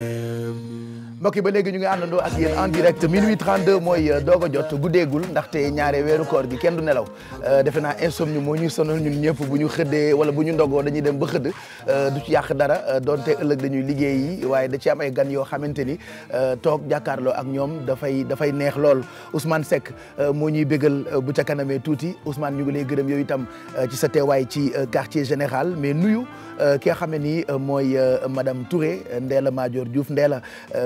Um... mbokk ba léegi ñu ngi àndandoo ak yéen en direct minuit 32 mooy euh, doog a jot guddeegul ndaxte ñaare weeru koor gi kenn du nelaw euh, defe naa insomnie moo ñuy sonal ñu ñëpp bu ñu xëddee wala bu ñu ndogoo dañuy dem ba xëdd euh, du ci yàq dara donte ëllëg dañuy liggéeyi waaye da ci am ay gan yoo xamante ni toog jàkkaarloo ak ñoom dafay dafay neex lool Ousmane Seck moo ñuy bëggal bu ca tuuti Ousmane ñu ngi lay gërëm yow itam ci sa teewaay ci quartier général mais nuyu ki nga xam ne nii mooy madame Touré Ndella Madior Diouf Ndella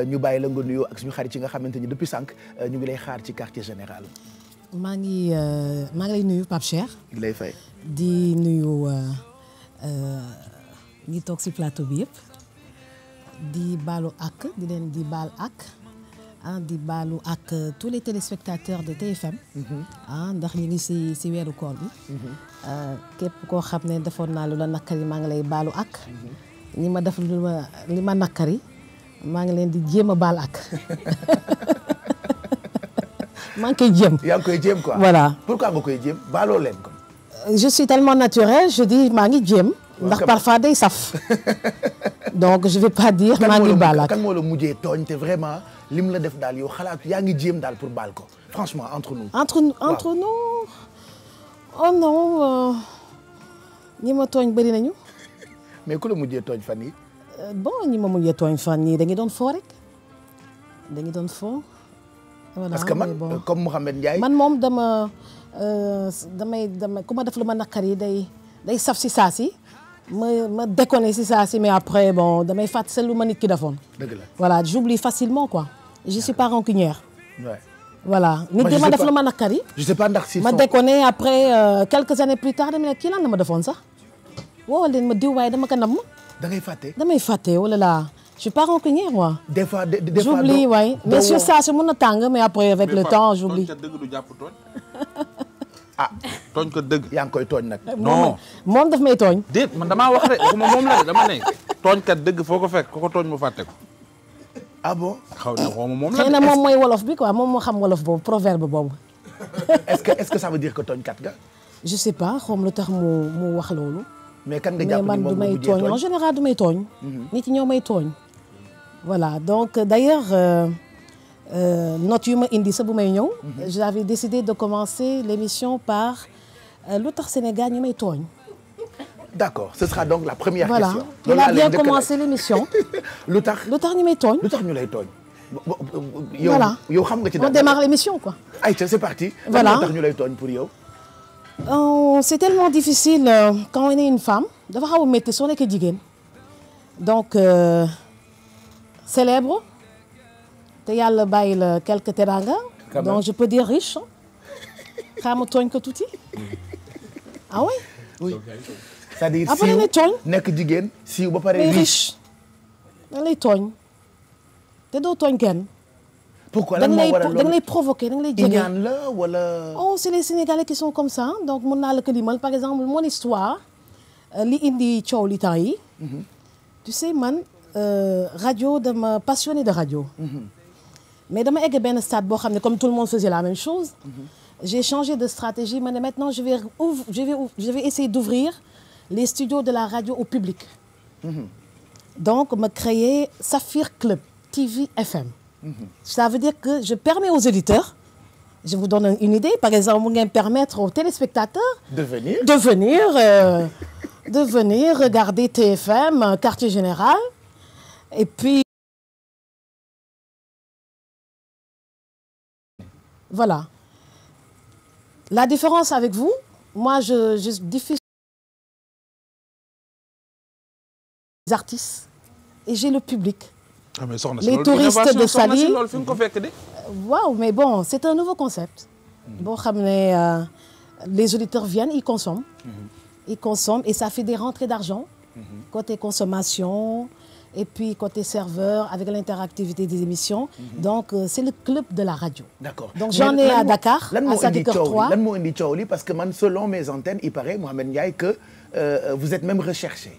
ñu bàyyi la nga nuyoo ak suñu xarit yi nga xamante ni depuis sànq euh, ñu ngi lay xaar ci quartier général. maa ngi euh, maa ngi lay nuyu Pape Cheikh. di lay fay. di nuyu euh, ñi toog si plateau bi yëpp. di baalu ak di leen di baal ak. ah di baalu ak tous les téléspectateurs de TFM. Mhm. ah ndax ñu ngi si si weeru koor bi. Mhm. képp koo xam ne defoon naa lu la nakkari maa ngi lay baalu ak. Mhm. ñi ma def lu ma li ma nakkari. maa ngi leen di jéem a baal ak maa ngi koy jéem. yaa ngi koy jéem quoi voilà. pourquoi nga koy jéem baloo leen ko. je suis tellement naturelle je dis maa ngi jéem. ndax parfois day saf. donc je vais pas dire maa ngi baal ak kan moo la mujjee tooñ te vraiment lim la def daal yow xalaat yaa ngi jéem daal pour baal ko franchement entre nous. entre entre nous oh non euh, ñi ma tooñ bëri nañu. bon ñi ma mujjee tooñ fan nii dañu doon foo rek dañu doon foo. voilà parce que man comme Mouhamed Ndiaye. man moom dama euh, damay damay ku ma def lu ma naqari day day saf si saa si ma ma déconné si saa si mais après bon damay fàtt seen lu ma nit ki defoon. dëgg la voilà j'oublie facilement quoi. je suis pas rancunière. Ouais. voilà nit di ma def lu ma naqar je sais ma déconné après euh, quelques années plus tard dama ne kii lan la ma defoon sax. wo leen ma diw waaye dama ko nam dangay ngay fàtte. damay fàtte wala oh la je suis pas rancunière moi. des fois des fois j'oublie waay mais mun na tàng mais après avec le temps j'oublie. ah tooñ ko dëgg. yaa ngi koy tooñ nag. non moom daf may tooñ. déet man damaa wax rek waxuma moom la dama ne. tooñkat dëgg foo ko fekk ko ko tooñ mu fàtte ko. ah bon xaw na xaw moom la. xëy na moom mooy wolof bi quoi moom moo xam wolof boobu proverbe boobu. est-ce que est-ce que ça veut dire que tooñkat nga. je sais pas xaw ma mais kan nga jàpp ni moom mais man du may général du may tooñ. Mm-hmm. nit ñoo may tooñ. voilà donc d' ailleurs euh, euh, notes yu ma indi sa bu may ñëw. Mm-hmm. j'avais décidé de commencer l' émission par euh, lu tax Sénégal ñu may tooñ. d' accord ce sera donc la première voilà. question. voilà il a bien commencé l' émission. lu tax lu tax ñu may tooñ. lu tax ñu lay tooñ. yow yow xam nga ci dara. on démarre l' émission quoi. ayca c' parti. voilà lan moo lay tooñ pour yow. oh c'est tellement difficile euh, quand on est une femme dafa xaw a métti soo nekkee jigéen donc euh, célèbre te yàlla bàyyi la quelque teranga donc je peux dire riche xaama tooñ ko tuuti ah oui. oui c'est-à-dire siiw nekk jigéen siiw ba pare riche. da lay tooñ te doo pourquoi lan moo waral da nga lay provoqué da nga lay la wala. oh c'est les Sénégalais qui sont comme ça donc mën naa la ko limal par exemple mon histoire euh, li indi coow li temps yi. Mhm. tu sais de euh, rajo dama passionné de rajo. Mhm. mais dama egg benn stade boo xam ne comme tout le monde faisait la même chose. Mhm. j'ai changé de stratégie ma ne maintenant je vais ouvre d'ouvrir les studios de la radio au public. donc ma créé Saphir Club TV FM. ça veut dire que je permets aux auditeurs je vous donne une idée par exemple mu permettre aux téléspectateurs. de venir de venir euh, de venir regarder TFM euh, Quartier Général et puis. voilà la différence avec vous moi je je diffuse et j'ai le public. Ah, les touristes de Saly loolu fi nga ko fekk de waaw mais bon c'est un nouveau concept boo xam ne euh, les auditeurs viennent ils consomment mm-hmm. ils consomment et ça fait des rentrées d'argent mm-hmm. côté consommation et puis côté serveur avec l'interactivité des émissions mm-hmm. donc euh, c'est le club de la radio d'accord donc j'en ai à Dakar à Sacré-Cœur 3 lan moo indi coow li parce que man selon mes antennes il paraît Mohamed Ndiaye que euh, vous êtes même recherché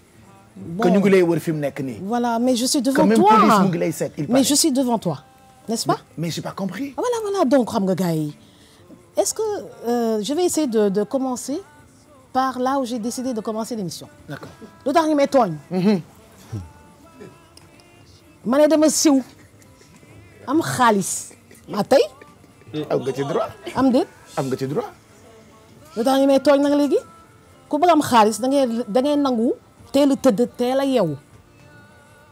bon que ñu ngi lay fi mu nekk nii. voilà mais je suis devant toi quand même police mu ngi lay seet il paraît mais je suis devant toi n'est-ce pas. mais, mais j'ai pas compris. Ah, voilà voilà est-ce que euh, je vais essayer de de commencer par là où j'ai de commencer l'émission. lu tax ñu may tooñ. ma ne dama siw am xaalis. ma tey. am nga am déet. am nga ci droit. lu tax ñu may tooñ léegi ku am xaalis da ngay da ngay nangu. teel a tëdd teel a yeewu.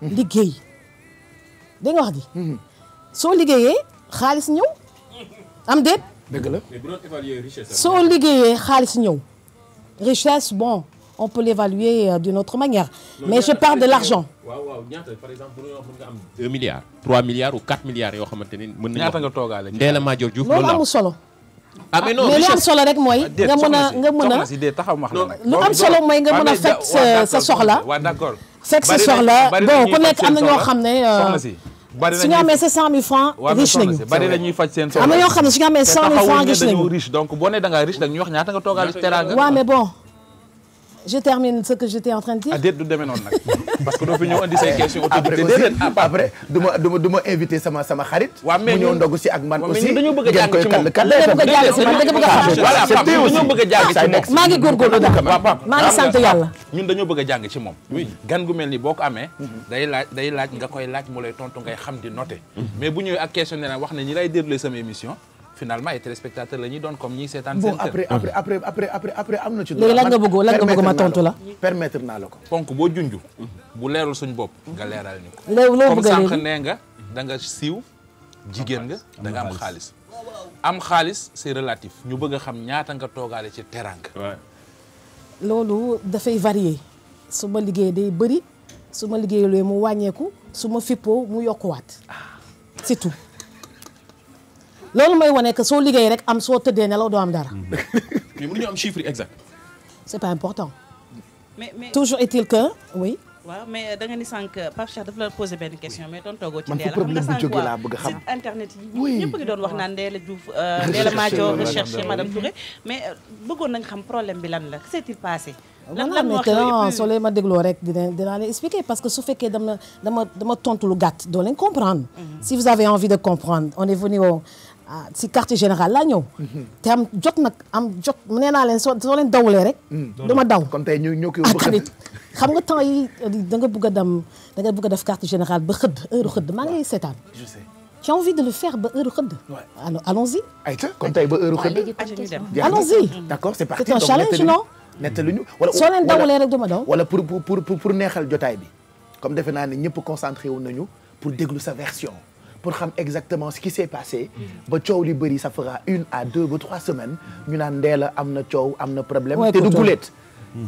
Hmm. liggéey dégg nga wax ji. Hmm. soo liggéeyee xaalis ñëw am déet. dëgg la mais bu doon évaluer soo liggéeyee xaalis ñëw richesse bon on peut l'évaluer euh, d'une autre manière. mais je parle de l'argent. waaw waaw exemple am 2 milliards 3 milliards ou 4 milliards yoo xamante ni. mën na wax ñaata nga toogaale. Ndella Madior Diouf loolu solo. ah mais non ah, li am solo rek mooy. Ah, nga mën a nga mën a lu am solo mooy nga mën a fekk sa soxla. waaw d'accord fekk sa soxla bon ku nekk am na ñoo xam ne. bari nañuy su ñu amee sa 100000 francs riche nañu bari nañuy faj seen soxla am na ñoo xam ne su ñu amee 100000 francs riche nañu. donc boo nee da ngaa riche nag ñu wax ñaata nga toogaal teranga. waaw mais bon. je termine ce que j'étais en train de dire. du demee noonu nag parce que doo fi ñëw andi say questions. après du ma du sama xarit. waaw mais mu ndogu si ak man aussi. ngeen koy kàll kàll bëgg a jàng si man da nga bëgg a moom. maa ngi góorgóorlu daal waaw maa ngi sant ñun dañoo bëgg jàng ci moom. gan gu mel ni boo ko amee. Mm-hmm. day laaj day laaj nga koy laaj mu lay tontu ngay xam di noter. mais bu ñëwee ak questionnaire wax na ñi lay déglu sama émission finalement ay téléspectateurs la ñuy doon comme ñi seetaan seen. bon après après après après après après am na ci. léegi lan nga bëggoon lan nga bëggoon ma tontu la. ponk boo junj. bu leerul suñ bopp. nga leeral ñu ko. nee nga da nga siiw. jigéen nga da am xaalis. am xaalis c'est ñu bëgg a xam ñaata nga toogaale ci teranga. loolu dafay varier su ma liggéey day bëri su ma liggéeyulee mu wàññeeku su ma fippoo mu yokkuwaat ah. c'est tout. loolu mooy wone que soo liggéey rek am soo tëddee nelaw doo am dara. mais mënuñu am chiffre exact. c'est pas important. mais mais toujours est-il que oui. waaw mais da nga ni sànq Pape Cheikh daf la posé benn question mais doon toogoo ci Ndéla xam nga sànq internet doon wax naan Ndéla Diouf euh, Ndéla Maajo recherché madame Touré mais euh, bëggoon nañ xam problème bi lan la s'est-il passé lan lan moo xew non ah, ma dégloo rek dina dinaa leen expliquer parce que su fekkee dama dama dama tontu lu gàtt doo leen comprendre mm-hmm. si vous avez envie de comprendre on est venu ah si quartier général laa ñëw. Mhm. te am jot nag am jot nee naa leen soo soo leen dawulee rek. Mhm. du daw kon tey ñoo ko xëy ah, xam nga temps yi da nga bëgg a dem da nga bëgg a def quartier général ba xëdd heure xëdd maa ngi lay seetaan. je envie de le faire ba heure xëdd. alors allons-y. ayca kon tey ba heure xëdd. allons-y. d'accord c'est parti c'est un challenge wala soo leen dawulee ma daw. wala pour pour pour pour neexal jotaay bi comme defe naa ne ñëpp concentré wu nañu pour déglu sa version. pour xam exactement ce qui s'est passé ba coow li bëri ça fera une à deux ba trois semaines ñu naan Ndella am na coow am na problème te du gulet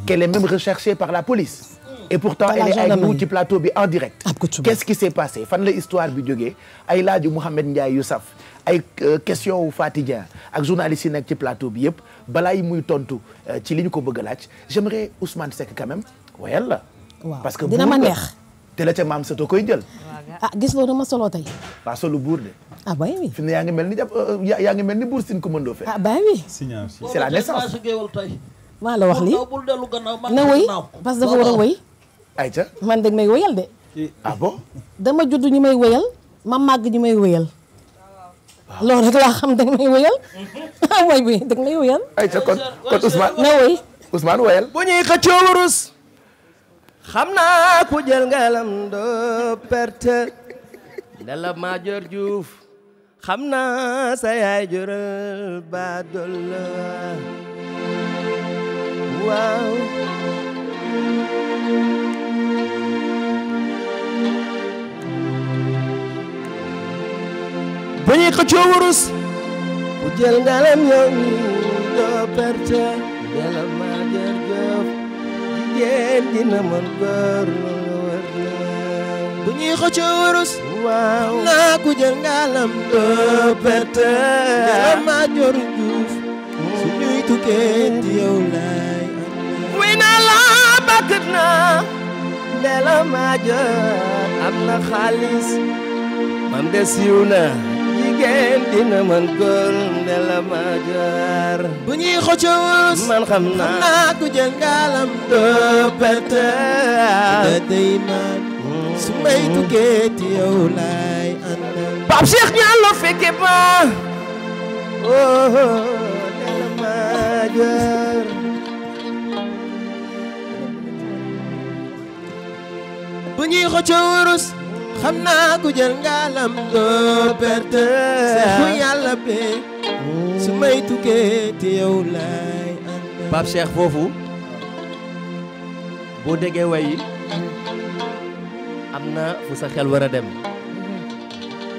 qu'elle est même recherchée par la police et pourtant elle est avec plateau bi en direct qu'est-ce qui s'est passé fan la histoire bi jógee ay laaju Mouhamed Ndiaye Youssaf ay euh, question wu Fatidien ak journaliste yi nekk ci plateau bi yëpp balaa yi muy tontu euh, ci li ñu ko bëgg a laaj j'aimerais Ousmane Seck quand même wayal te la ca maam sëto koy jël. ah gis loolu ma solo tey. waa solo buur de. ah bah oui. fi ne yaa ngi mel ni jàpp euh, yaa ngi mel ni buur sin ko mëndoo fee. ah bah oui. c'est la naissance. maa la wax lii na woy parce que dafa war a woy. ayca man dag may woyal de. ah bon. dama judd ñu may woyal ma mag ñu may woyal. loolu rek laa xam dag may woyal. Mhm. ah bi dag may woyal. ayca kon kon Ousmane. na woy Ousmane woyal. bu ñuy xëccoo wurus. xam naa ku jël ngelam doo perte ndela Maajoor Juuf xam naa sa yaay ku jël ngelam yow doo perte ndela yéen dina mën góor lu war na bu wurus waaw naa ku jël ngaalam doo perte maa joru juuf su ñuy tukkee di yow laay wi naa la bàkkat naa ndee la maa jot am na xaalis man de na jigéen dina mën góor ne la ma jaar bu ñuy xoccoos man xam naa ku jël ngaalam doo perte da day maan su may tukkee ci yow laay àndal Pape Cheikh ñaan la fekke ba oh ne la ma jaar bu ñuy xoccoos xam naa ku jël ngaalam doo perte seexu su may tukkee te yow laay ànd Pape foofu boo déggee way yi am na fu sa xel war a dem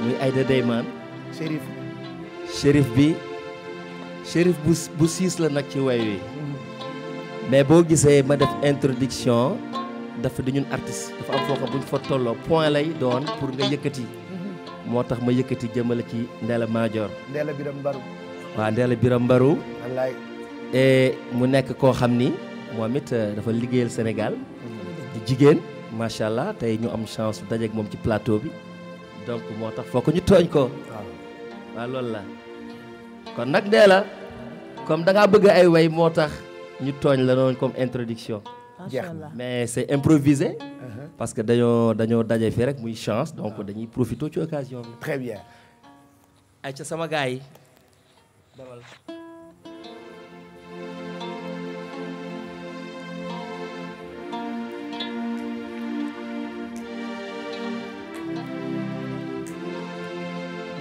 muy Aïda Deyman Chérif Chérif bi Chérif bu siis la nag ci way wi mm-hmm. mais boo gisee ma def introduction dafa di ñun artiste dafa am foo bu ñu fa tolloo point lay doon pour nga yëkkati moo tax ma yëkkati jëmale ci Ndella Madior Ndella Biram Mbaru waaw Ndella Biram Mbaru mu nekk koo xam ni moom it euh, dafa liggéeyal Sénégal di jigéen macha allah tey ñu am chance dajeek moom ci plateau bi donc moo tax foo ko ñu tooñ ko waaw loolu la kon nag Ndella comme da ngaa bëgg ay way moo tax ñu tooñ la doon comme introduction jeex na mais c' est improvisé. parce que dañoo dañoo daje fii rek muy chance donc dañuy profité ci occasion bi. très bien. ay ca sama gars yi.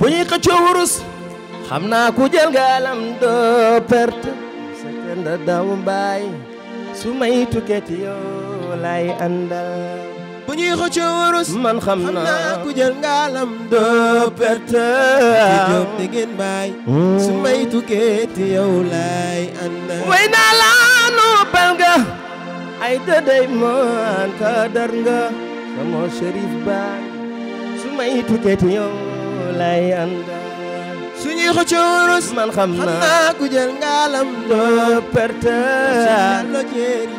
bu ñuy xëccoo wurus. xam naa ku jël gaalam doo perte. sa kër da daw su may tukkee ci yow laay àndal bu ñuy xëccoo man xam naa ku jël ngaalam doo perte ci jóg di ngeen su mm. may tukkee ti yow laay way naa laa noppal nga ay dëdëy maan ka dar nga sama chérif baay su may tukkee ti yow laay suñuy xëccoo man xam naa ku jël la jëri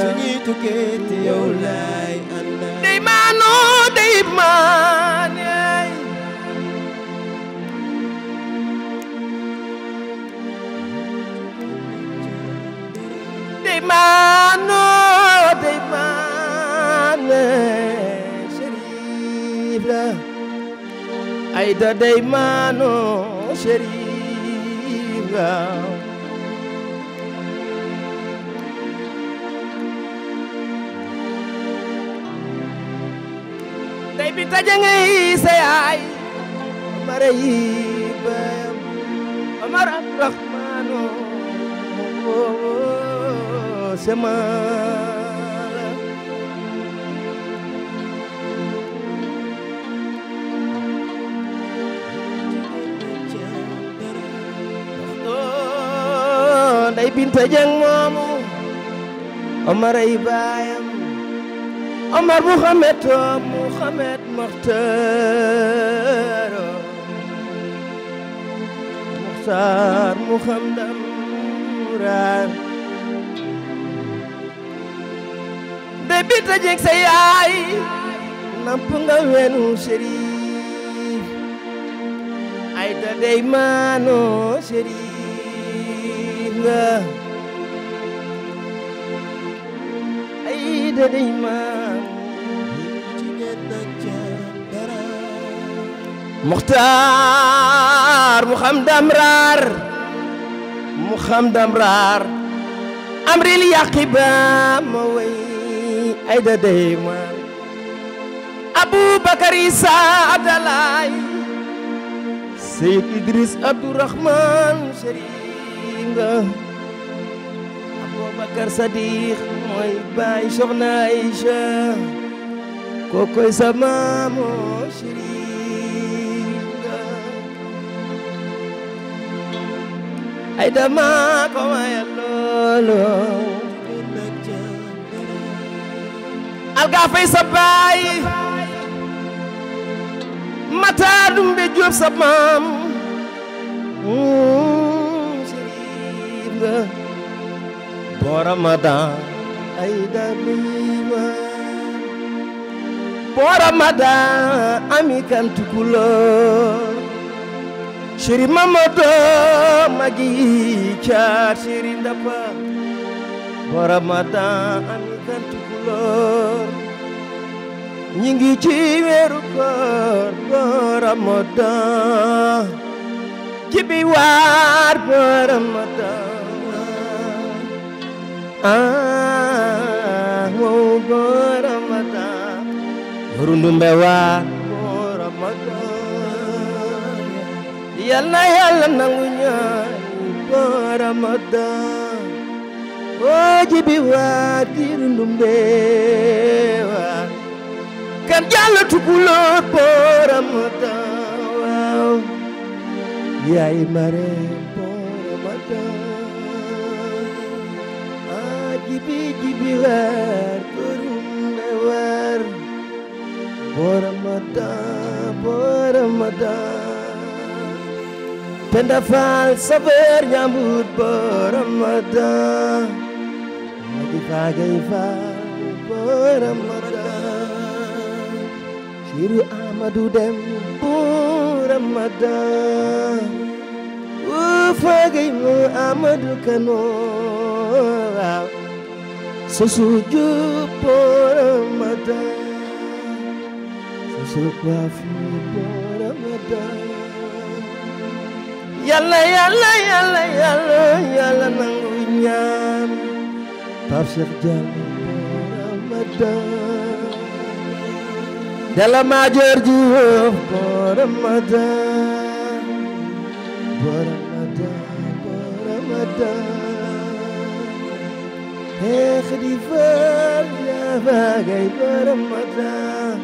suñuy tukkee te yow laay ànda day maanoo day maane day maanoo day maane Chérif أيضا دايمانو شريفا day bi taje ngay sa yaay mara yi bayam Omar Abdourahmane sama Binta Jeng moomu Omar ay baayam Omar Muhammad oo Muhammad Muxtaar Muxtaar Muhammad Muraan de Binta Jeng sa yaay namp nga wenu Sëriif ay da dey maanoo Sëriif الله عيد الإيمان مختار محمد أمرار محمد أمرار أمري اليقب موي عيد الإيمان أبو بكر سعد الله سيد إدريس عبد الرحمن شريف nga Aboubacar Sadiq mooy baay soxna Aïcha kookoy sa maamo Chérif nga ay dama ko wayal loolo alga fay sa baay mata dumbe joob sa maam boramadan ay daliman boramadan amikan tukulor shiri mamado magi char shiri ndapa boramadan amikan tukulor ñi ngi ci weeru koor boramadan jibi waar boramadan moo góora ma taa Rundumbé waa góora ma taa yal na yàlla nangu ñaan góora ma taa oo di Rundumbé waa kan jàll tukuloo góora ma waaw yaay mare góora ma gibi gibiler görünmeler Boramadan, boramadan Penda fal sabar nyambut boramadan Lagi pagai fal boramadan Shiru amadu dem boramadan Ufagay mu amadu kanoo Sesujud Paramata yàlla yàlla yàlla yàlla yàlla nangu ñaan Pape Cheikh Diallo Ramadan Dalla Madior Diouf Ramadan Ramadan Ramadan خليفة يا باقي برمضان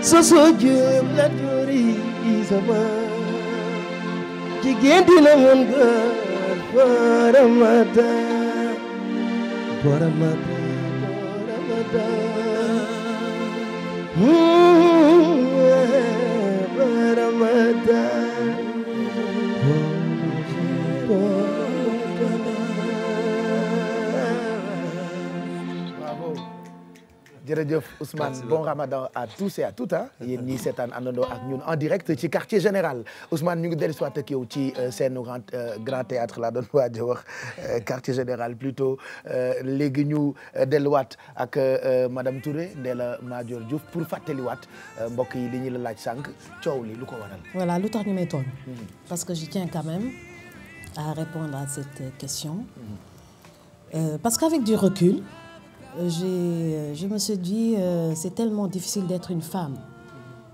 سوسوجم لا توري زمان jigéen dina mën góor boramadan boramadan boramadan boramadan boramadan jërëjëf Ousmane bon Ramadan à tous et à toutes ah yéen ñii seetaan àndandoo ak ñun en direct ci quartier général Ousmane ñu ngi dellu soit ak yow ci euh, seen grand euh, grand théâtre laa doon waaj a wax euh, quartier général plutôt léegi ñu delluwaat ak madame Touré Ndella Madior Diouf pour fàttaliwaat mbokk yi li ñu la laaj sànq coow li lu ko waral. voilà lu tax ñu mhm. parce que je tiens quand même à répondre à cette question. Mhm. parce qu'avec du recul. Euh, je me suis dit, euh, c'est tellement difficile d'être une femme,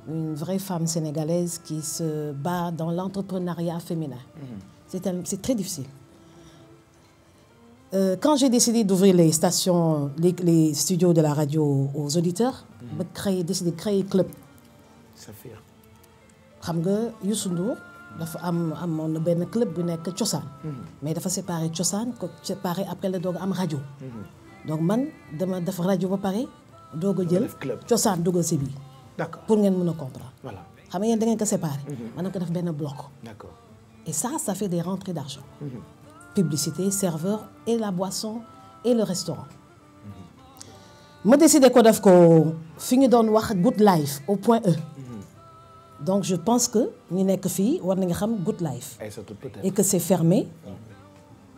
une vraie femme sénégalaise qui se bat dans l'entrepreneuriat féminin. Mmh. C'est très difficile. Euh, quand j'ai décidé d'ouvrir les stations, les, les, studios de la radio aux auditeurs, j'ai mhm. mmh. décidé de créer club. Safir. xam nga Youssou Ndour dafa am amoon na benn club bu nekk cosaan mhm. mais dafa séparé cosaan ko séparé après la doog am rajo mhm. donc man dama def rajo ba pare doog ko jël cosaan dugal si bii d'accord pour ngeen mën a comprendre voilà xam ngeen da ngeen ko séparer mhm. man na ko def benn bloc d'accord et ça sa fait des rentrées d'argent mmh. publicité serveur et la boisson et le restaurant ma décidé ko def ko fi ñu doon wax good life au point E mhm. donc je pense que ñu nekk fii war nañu xam good life et que c'est fermé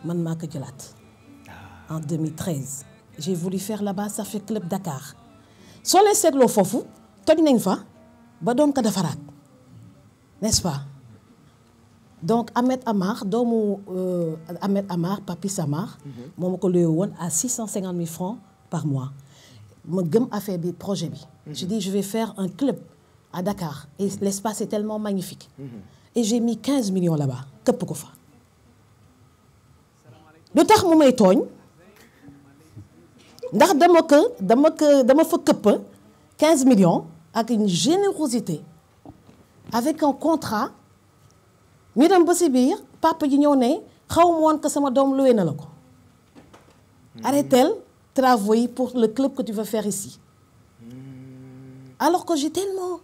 man maa ko jëlaat ah. en 2013 j'ai voulu faire là-bas Safia Club Dakar soo leen seetloo foofu toj nañ fa ba doon ko defaraat n'est-ce pa donc Ahmed Amar doomu euh, Ahmed Amar Papi Samar. Mhm. moo ma ko luye woon à 650 000 francs par mois ma gëm affaire bi projet bi. Mhm. je dis je vais faire un club à Dakar et l'espace est tellement magnifique. Mhm. et j'ai mis 15 millions là-bas këpp ko fa. lu tax mu may tooñ. ndax dama ko dama ko dama fa këpp ak une générosité avec un contrat ñu dem ba si biir papa ji ñëw ne xaw ma woon que sama doom loué na la ko. Hmm. arrêtel travaux yi pour le club que tu veux faire ici hmm. alors que j'ai tellement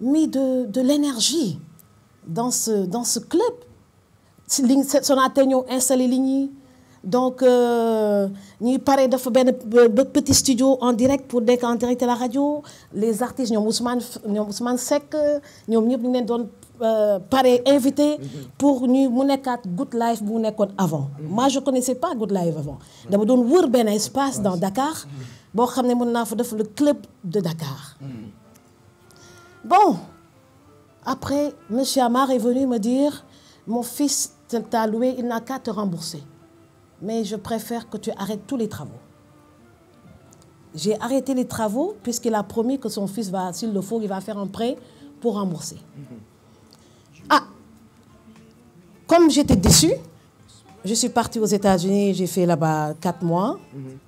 mis de de l'énergie dans ce dans ce club si liñ Sonatel ñëw installé li ñuy. donc euh, ñuy pare dafa benn euh, ba petit studio en direct pour nekk en direct à la radio les artistes ñoom Ousmane ñoom Seck ñoom ñëpp ñu leen doon euh, pare invité pour ñu mu nekkaat Good Life bu nekkoon avant moi je connaissais pas Good Life dama doon wër benn espace dans Dakar boo xam ne mën naa fa def le club de Dakar bon après monsieur Amar est venu me dire mon fils t'a loué il n'a qu'à te rembourser mais je préfère que tu arrêtes tous les travaux. J'ai arrêté les travaux puisqu'il a promis que son fils va, s'il le faut, il va faire un prêt pour rembourser. Mm-hmm. Ah, comme j'étais déçue, je suis partie aux États-Unis, j'ai fait là-bas quatre mois. Mm-hmm.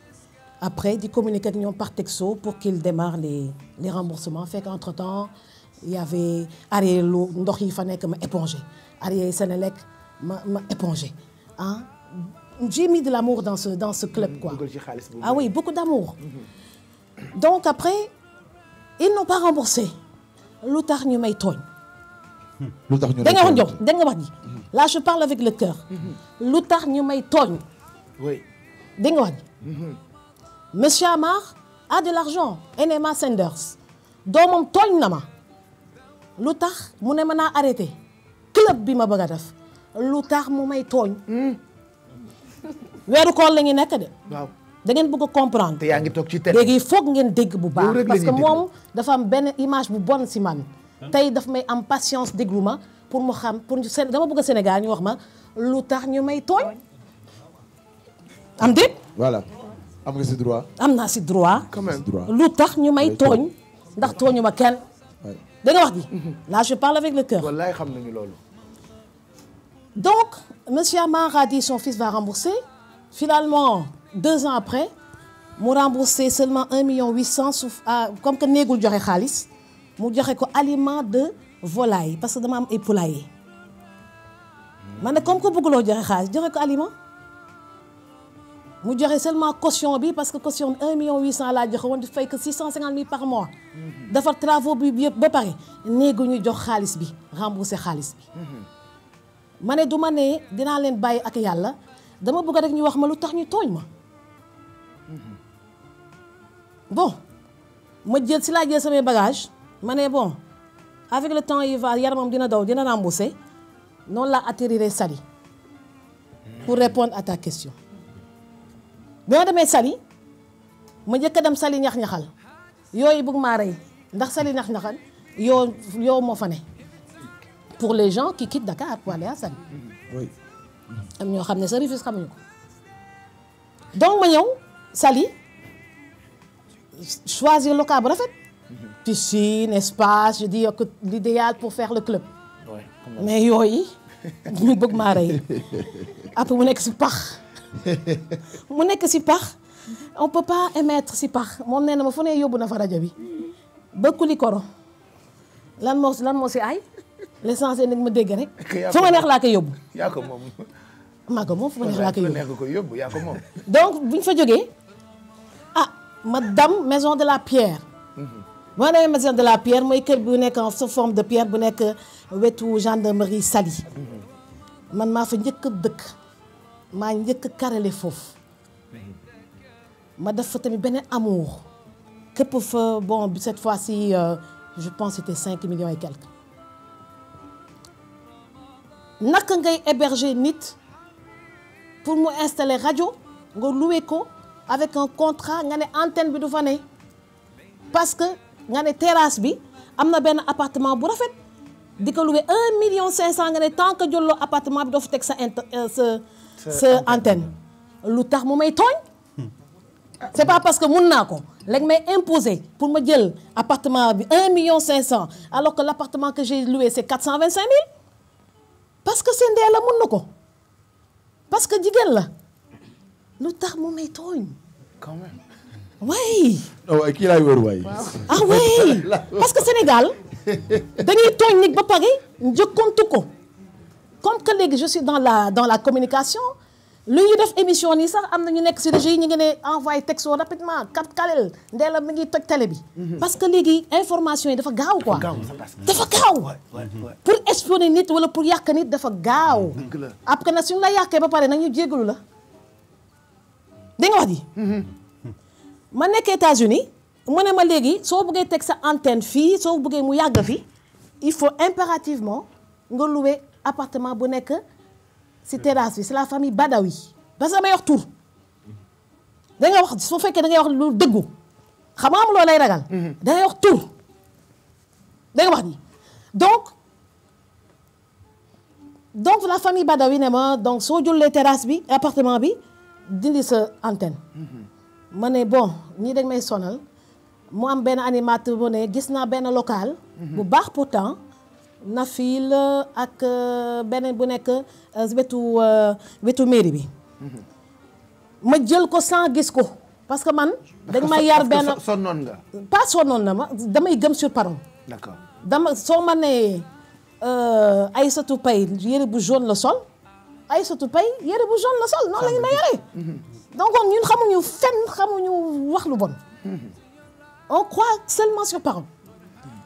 Après, di communiqué ak ñoom par texto pour qu'il démarre les les remboursements fekk entre-temps il y avait arrière lu ndox yi fa nekk ma épongé arrière Senelec ma ma épongé ah. j'ai mis de l'amour dans ce dans ce club mmh, quoi. Ah beaucoup d'amour. Mmh. donc après ils n'ont pas remboursé. lu tax ñu may tooñ. lu tax ñu da nga wax ñoom da nga wax là je parle avec le cœur. lu tax ñu may tooñ. oui da nga wax ji. monsieur Amar a de l'argent NMA Sanders doomam tooñ na ma lu tax mu ne ma naa club bi ma bëgg def lu tax mu weeru koor la ngi nekk de. waaw da bëgg a comprendre. yaa ngi toog ci télé léegi foog ngeen dégg bu baax. parce que moom dafa am benn image bu bon si man. tey daf may am patience déglu ma pour mu xam pour ñu dama bugg Sénégal ñu wax ma lu tax ñu may tooñ. am déet. voilà am nga si droit. naa si droit. quand même lu tax ñu may tooñ. ndax tooñu ma kenn. da wax di là je parle avec le cœur. wallaay xam nañu loolu. donc monsieur Amara dit son fils va rembourser. finalement deux ans après mu remboursé seulement un million huit cent suuf euh, comme que néegul joxe xaalis mu joxe ko aliment de volaille parce que dama am ay poulailler man ne comme que bëgguloo joxe xaalis joxe ko aliment mu joxe seulement caution bi parce que caution bi un million huit cent laa joxe woon di fay que six cent cinquante mille par mois. defar travaux bi yëpp ba pare néegu ñu jox xaalis bi remboursé xaalis bi. Mhm. ma ne du ma dinaa leen bàyyi ak yàlla. dama bëgg rek ñu wax ma lu tax ñu tooñ ma bon ma jël si laa jël samay bagage ma ne bon avec le temps il va yaramam dina daw dina remboursé noonu laa atterrir sali pour répondre à ta question bi ma demee ma njëkk a dem Saly ñax-ñaxal yooyu bëgg maa rey ndax Saly ñax-ñaxal yow yow moo fa ne pour les gens qui quittent Dakar pour aller à Saly oui am ñoo xam ne sa Rufisque xamuñu ko donc ma ñëw sali choisir local bu rafet piscine espace je dis que l'idéal pour faire le club ouais, mais yooyu ñu bëgg maa après mu nekk si pax mu nekk si pax on peut pas émettre si pax moom nee na ma fu ne yóbbu na fa rajo bi ba kulikoro lan moo lan moo si ay le l'essentiel nag ma dégg rek fu ma neex laa koy yóbbu maa ko moom fu ma neex laa ko yóbbu donc bu ñu fa jógee ah ma dam maison de la pierre. Mhm. boo demee maison de la pierre mooy kër bu nekk en sous de pierre bu nekk wetu gendarmerie Saly. Mhm. man maa fa njëkk a dëkk maa njëkk a karale foofu mhm. ma def fa tamit beneen amour képp fa bon cette fois si euh, je pense c'était cinq millions et quelques naka ngay héberger nit. pour mu installe rajo nga loué ko avec un contrat nga ne antenne bi du fa ne parce que nga ne terrasse bi am na benn appartement bu rafet di ko loué un million cinq cent nga ne tant que jëloo appartement bi doo fa teg sa inter euh, sa sa antenne lu tax mu may tooñ hmm. c'est pas parce que mun naa ko léegi may imposer pour ma jël appartement bi un million cinq cent alors que l'appartement que j'ai loué c'est quatre cent vingt cinq mille parce que seen ndee la mun na ko parce que jigéen la lu tax mu may tooñ. quand même. oui. Oh, non kii laay ah oui parce que Sénégal dañuy tooñ nit ba pare njëkkoontu ko comme que léegi je suis la dans la communication. li ñu def émission nii sax am na ñu nekk si région yi ñu ngi ne envoyé texto rapidement kat kalel ndeela mi ngi toj télé bi. Mhm. parce que léegi information yi dafa gaaw quoi. dafa gaaw pour espionner nit wala pour yàq nit dafa gaaw. après nag suñu la yàqee ba pare nag ñu jégalu la. dégg nga wax ji. Mhm. ma nekk États-Unis mu ne ma léegi soo buggee teg sa antenne fii soo buggee mu yàgg fii il faut impérativement nga louer appartement bu nekk. si terrasse bi c'est la famille Badawi parce que damay wax tur da ngay wax su fekkee dangay wax lu dëggu xam nga am loo lay ragal. Mhm. da wax tur da nga wax ni donc donc la famille Badawi ne ma donc soo jullee terrasse bi appartement bi dindi sa antenne. Mhm. ma ne bon ñii dañ may sonal mu am benn animateur bu ne gis naa benn local. Mhm. bu baax pourtant. Nafil euh, ak euh, beneen bu nekk euh, wetu wetu mairie bi. ma jël ko san gis ko. parce que man dañ ma yar benn sonnoon nga. pas sonnoon na ma damay gëm sur parole. d'accord dama soo ma nee Aïssatou Paye yére bu jaune la sol. Aïssatou Paye yére bu jaune la sol noonu la ñu ma yaree. donc ñun xamuñu fenn xamuñu wax lu bon. Mhm. on croit seulement sur parole.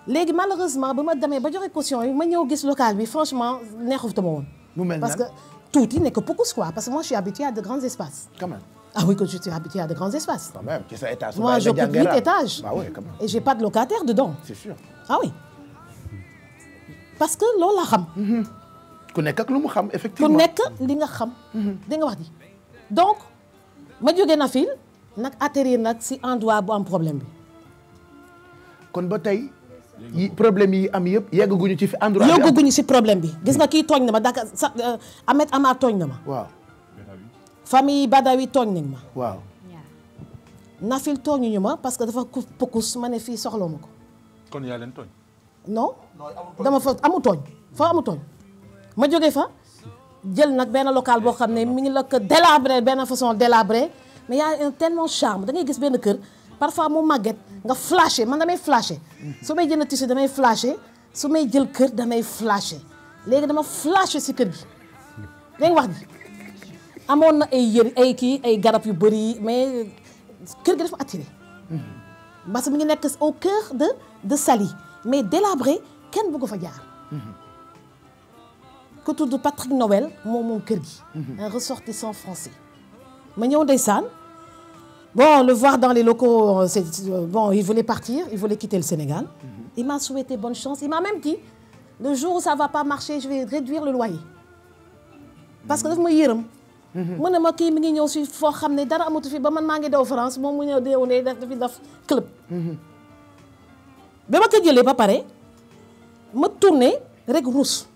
léegi malheureusement ba ma demee ba joxe caution yi ma ñëw gis local bi franchement neexutuma woon. mu mel parce que tuuti nekk poucous quoi parce que moi je suis à de grands espaces. quand même. ah que je suis à de grands espaces. quand même ci sa de locataire dedans. c'est sûr. ah oui parce mhm. ku nekk ak lu mu xam effectivement ku li nga xam. Mhm. di nga wax di donc ma jógee na fil nag atterrir na si endroit bu am problème bi. kon problème yi am yëpp yeggaguñu ci fi endroit ñu si problème bi gis nga kii tooñ na ma daka sa euh, Ahmed tooñ na ma waaw famille Badawi tooñ nañ ma waaw Nafil tooñuñu ma parce que dafa ku pukus ma ne fii soxla ma ko kon yaa leen tooñ non dama fa amu tooñ foo amu tooñ ma jógee fa jël nag benn local boo xam ne mi ngi la ko délabré benn façon délabré mais y a un tellement charme da gis benn kër parfois mu màgget nga flashé man damay flashé mm-hmm. su may jënd tissu damay flashé su may jël kër damay flashé léegi dama flashé si kër bi léegi wax ji amoon na ay yëri ay kii ay garab yu bëri mais kër gi dafa attiré mm-hmm. parce que mi ngi nekk au cœur de de Saly mais délabré kenn bëgg fa jaar mm-hmm. ku tudd Patrick Noël moom moom kër gi un ressortissant français ma ñëw ndeysaan Bon, le voir dans les locaux, euh, c'est, euh, bon, il voulait partir, il voulait quitter le Sénégal. Mhm. Il m'a souhaité bonne chance. Il m'a même dit, le jour où ça va pas marcher, je vais réduire le loyer. parce que daf ma yërëm. Mhm. mu ne ma kii mi ngi ñëw si foo xam ne dara amatu fi ba man maa ngi daw France moom mu ñëw deewu ne dafi de club. Mhm. ba ma ko jëlee ba pare ma tourné rek ruus.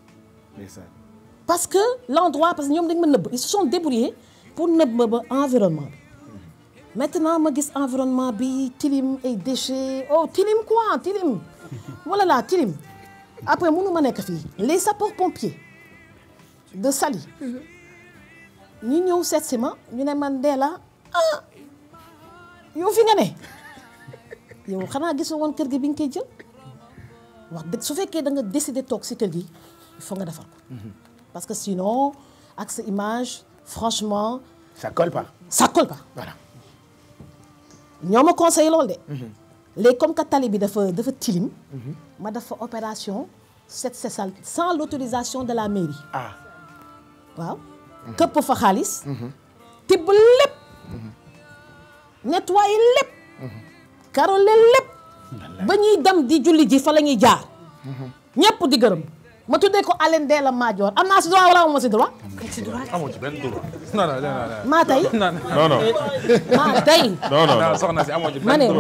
parce que l'endroit parce que ñoom dañ ma nëbb ils se sont débrouillés pour nëbb ma ba environnement maintenant ma gis environnement bi tilim ay déchets oh tilim quoi tilim wala laa tilim après mënu ma nekk fii les sapeurs pompiers de Saly ñu ñëw seet si ma ñu ne man dee la ah yow fi nga ne yow xanaa gisoo woon kër gi bi nga koy jël wax dëgg su fekkee da nga décider toog si kër gi nga defar ko mhm. parce que sinon ak sa image franchement ça colle ñoo ma conseillé loolu de. Mhm. léegi comme que tali bi dafa dafa tilim. Mhm. ma dafa opération set sesal sans l' autorisation de la mairie. ah waaw. Mhm. këpp fa xaalis. tibb lépp. nettoyé lépp. karole lépp. ba ñuy dem di julli ji fa la ñuy jaar. ñëpp di gërëm. ma de ko Alioune Della Madior am naa si droit wala amoo si droit. benn droit. ma ne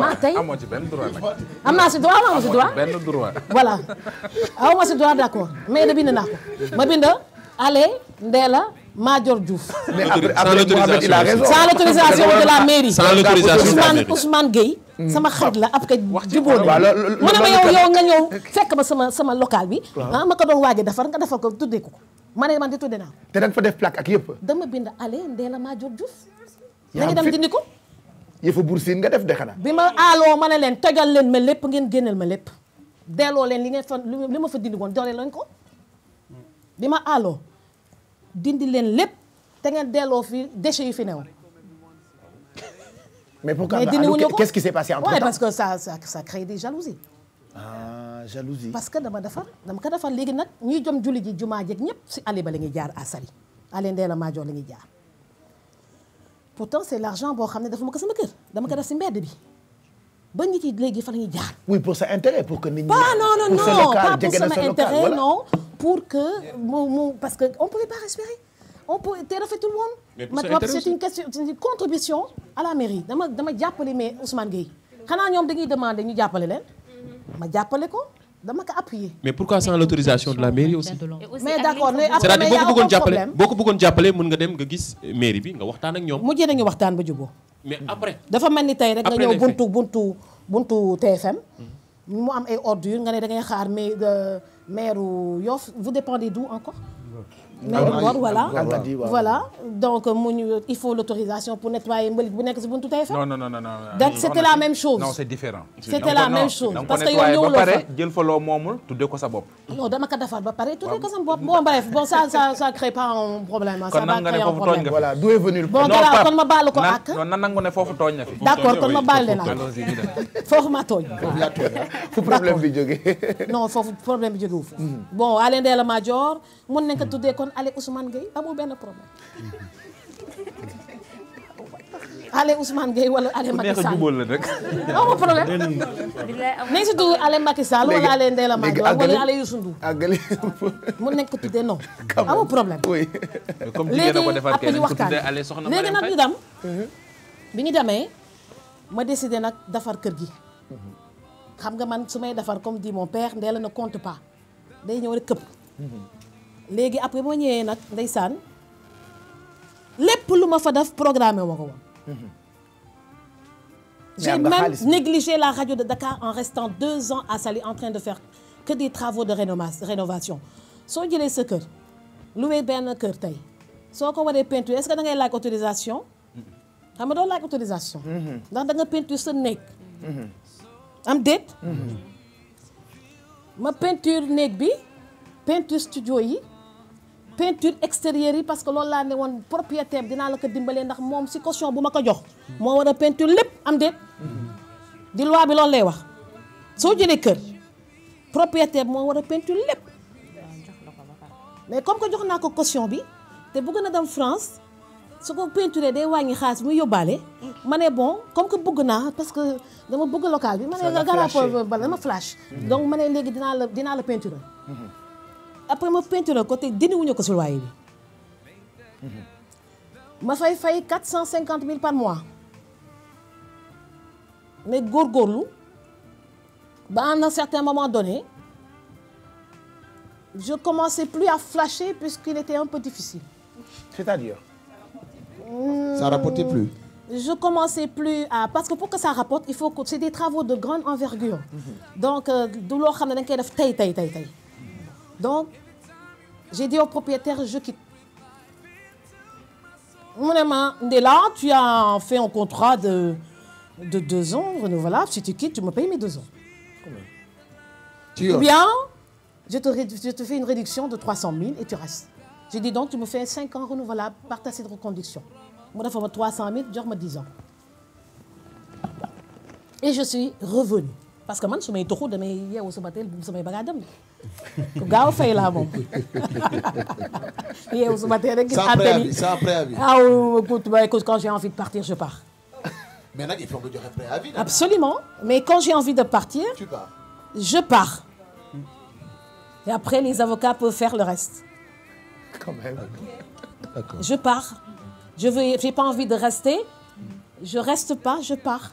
am naa si wala amoo si droit. benn droit. voilà amoo si droit d' accord mais da ma bind Alioune Della Madior Diouf. mais après après a raison. sans la mairie. sans l' autorisation Mm. sama xarit la ab ka jubóo mu ne ma yow yow nga ñëw fekk ma sama sama local bi ah ma ko doon waaje defar nga defar ko tuddee ko ma ne man di tuddee naa te da nga fa def plaque ak yëpp dama bind ale Ndella Madior Diouf nañu ko yëfu buur siin nga def de xanaa ma aaloo ma ne leen tojal leen ma lépp ngeen génneel ma lépp delloo li ngeen fa li ma fa dindi woon joxe leen ko bi ma aaloo dindi leen lépp te ngeen delloo fi déchets yi fi newoon mais pourquoi qu'est-ce qui s'est passé entre parce que ça ça ça ah, dama defar dama ko defar léegi nag ñuy jom julli ji jumaa jeeg ñëpp si allé ba la ñuy jaar à Saly allé Ndella Madior la ñuy jaar pourtant c' est l' argent boo xam ne defuma ko sama kër dama ko def si mbedd bi ba nit yi léegi fa la ñuy jaar. oui pour sa intérêt pour que nit ñi. pas non non non pas pour sama intérêt non pour que mu mu parce que on pouvait respirer. on peut te rafetul woon. ma c'est une question c'est une contribution à la mairie dama dama jàppale mais Ousmane Gueye xanaa ñoom dañuy demander ñu jàppale leen mhm. ma jàppale ko. dama ko appuyer. mais pourquoi sans l'autorisation de la mairie aussi. mais d'accord mais après boo ko bëggoon jàppale boo ko bëggoon jàppale mën nga dem nga gis mairie bi nga waxtaan ak ñoom. mujjee nañu waxtaan ba jubóo. mais après. dafa mel ni tey rek nga ñëw buntu buntu buntu TFM. Mhm. mu am ay ordures nga ne da ngay xaar mais euh, maire Yoff vous dépendez d'où encore. mais bor voilà voilà donc euh, mu ñu il faut l'autorisation pour nettoyer mbalit bu nekk si buntu tey fa non non non non donc c'était la même chose non c'est différent c'était la même chose parce que yow ñëwuloo fa jël fa loo moomul tuddee ko sa bopp non dama ko defar ba pare tuddee ko sa bopp bon bref bon ça ça ça crée pas un problème ça va créer un problème voilà d'où est venu le bon voilà kon ma baalu ko ak na nangu ne foofu tooñ na fi d'accord kon ma baal leen ak foofu ma tooñ fu problème bi jógee non foofu problème bi jógewu fa hmm. bon Alain Deela Madior mën nañ ko tuddee doon ale Ousmane Gueye amoo benn problème ale Ousmane Gueye wala ale Macky Sall amoo problème nañ si tudd ale Macky Sall wala ale Ndella Madior wala ale mu nekk ko tuddee non amoo problème léegi après ñu waxtaan léegi nag ñu dem bi ñu demee ma décidé nag defar kër gi xam nga man su may defar comme di mon père Ndella ne compte pas day ñëw rek këpp mhm. léegi après moo ñëwee nag ndeysaan lépp lu ma fa def programme ma ko woon. j'ai même négligé la radio de Dakar en restant deux ans à Saly en train de faire que des travaux de rénovation soo jëlee sa kër loué benn kër tey soo ko waree peinture est-ce da ngay laaj autorisation xam nga doo laaj autorisation. ndax da nga peinture sa néeg. am déet. Mhm. ma peinture néeg bi peinture studio yi. peinture extérieure yi parce que loolu laa ne woon propriétaire dinaa la ko dimbalee ndax moom si caution bu ma ko jox moo war a peinture lépp am déet di loi bi loolu lay wax soo jëlee kër propriétaire moo war a peinture lépp mais comme que jox naa ko caution bi te bëgg na dem France su ko peinturé day wàññi xaalis muy yóbbaale ma ne bon comme que bëgg naa parce que dama bëgg local bi ma ne garab bala dama flash donc ma ne léegi dinaa la dinaa la peinturer après ma peinture ko te dindiwuñu ko si loyer bi ma fay fay quatre cent cinquante mille par mois mais góorgóorlu ba à un certain moment donné je commençais plus à flasher puisqu'il était un peu difficile. c'est-à-dire. Hmm. ça rapportait plus. je commençais plus à parce que pour que ça rapporte il faut que c'est des travaux de grande envergure. Mhm. donc euh, du loo xam ne da nga koy def tey tey tey tey. donc j'ai dit au propriétaire je quitte mu ne ma tu as fait un contrat de de deux ans renouvelable si tu quittes tu me payes mes deux ans. tu je réduction de 300 000 et tu restes. j'ai dit donc tu me fais cinq ans renouvelable par tacite reconduction mu defal ma 300 000 jox ma dix ans. et je suis revenue parce que man su may toxu damay yeewu suba teel samay bagages ku gaaw fay laa moom yeewu su ma tee rek. sans préavis sans préavis. mais nag il faut absolument mais quand j'ai envie de partir. tu pars je pars. et après les avocats peuvent faire le reste. quand même. je pars. je veux j'ai pas envie de rester. je reste pars.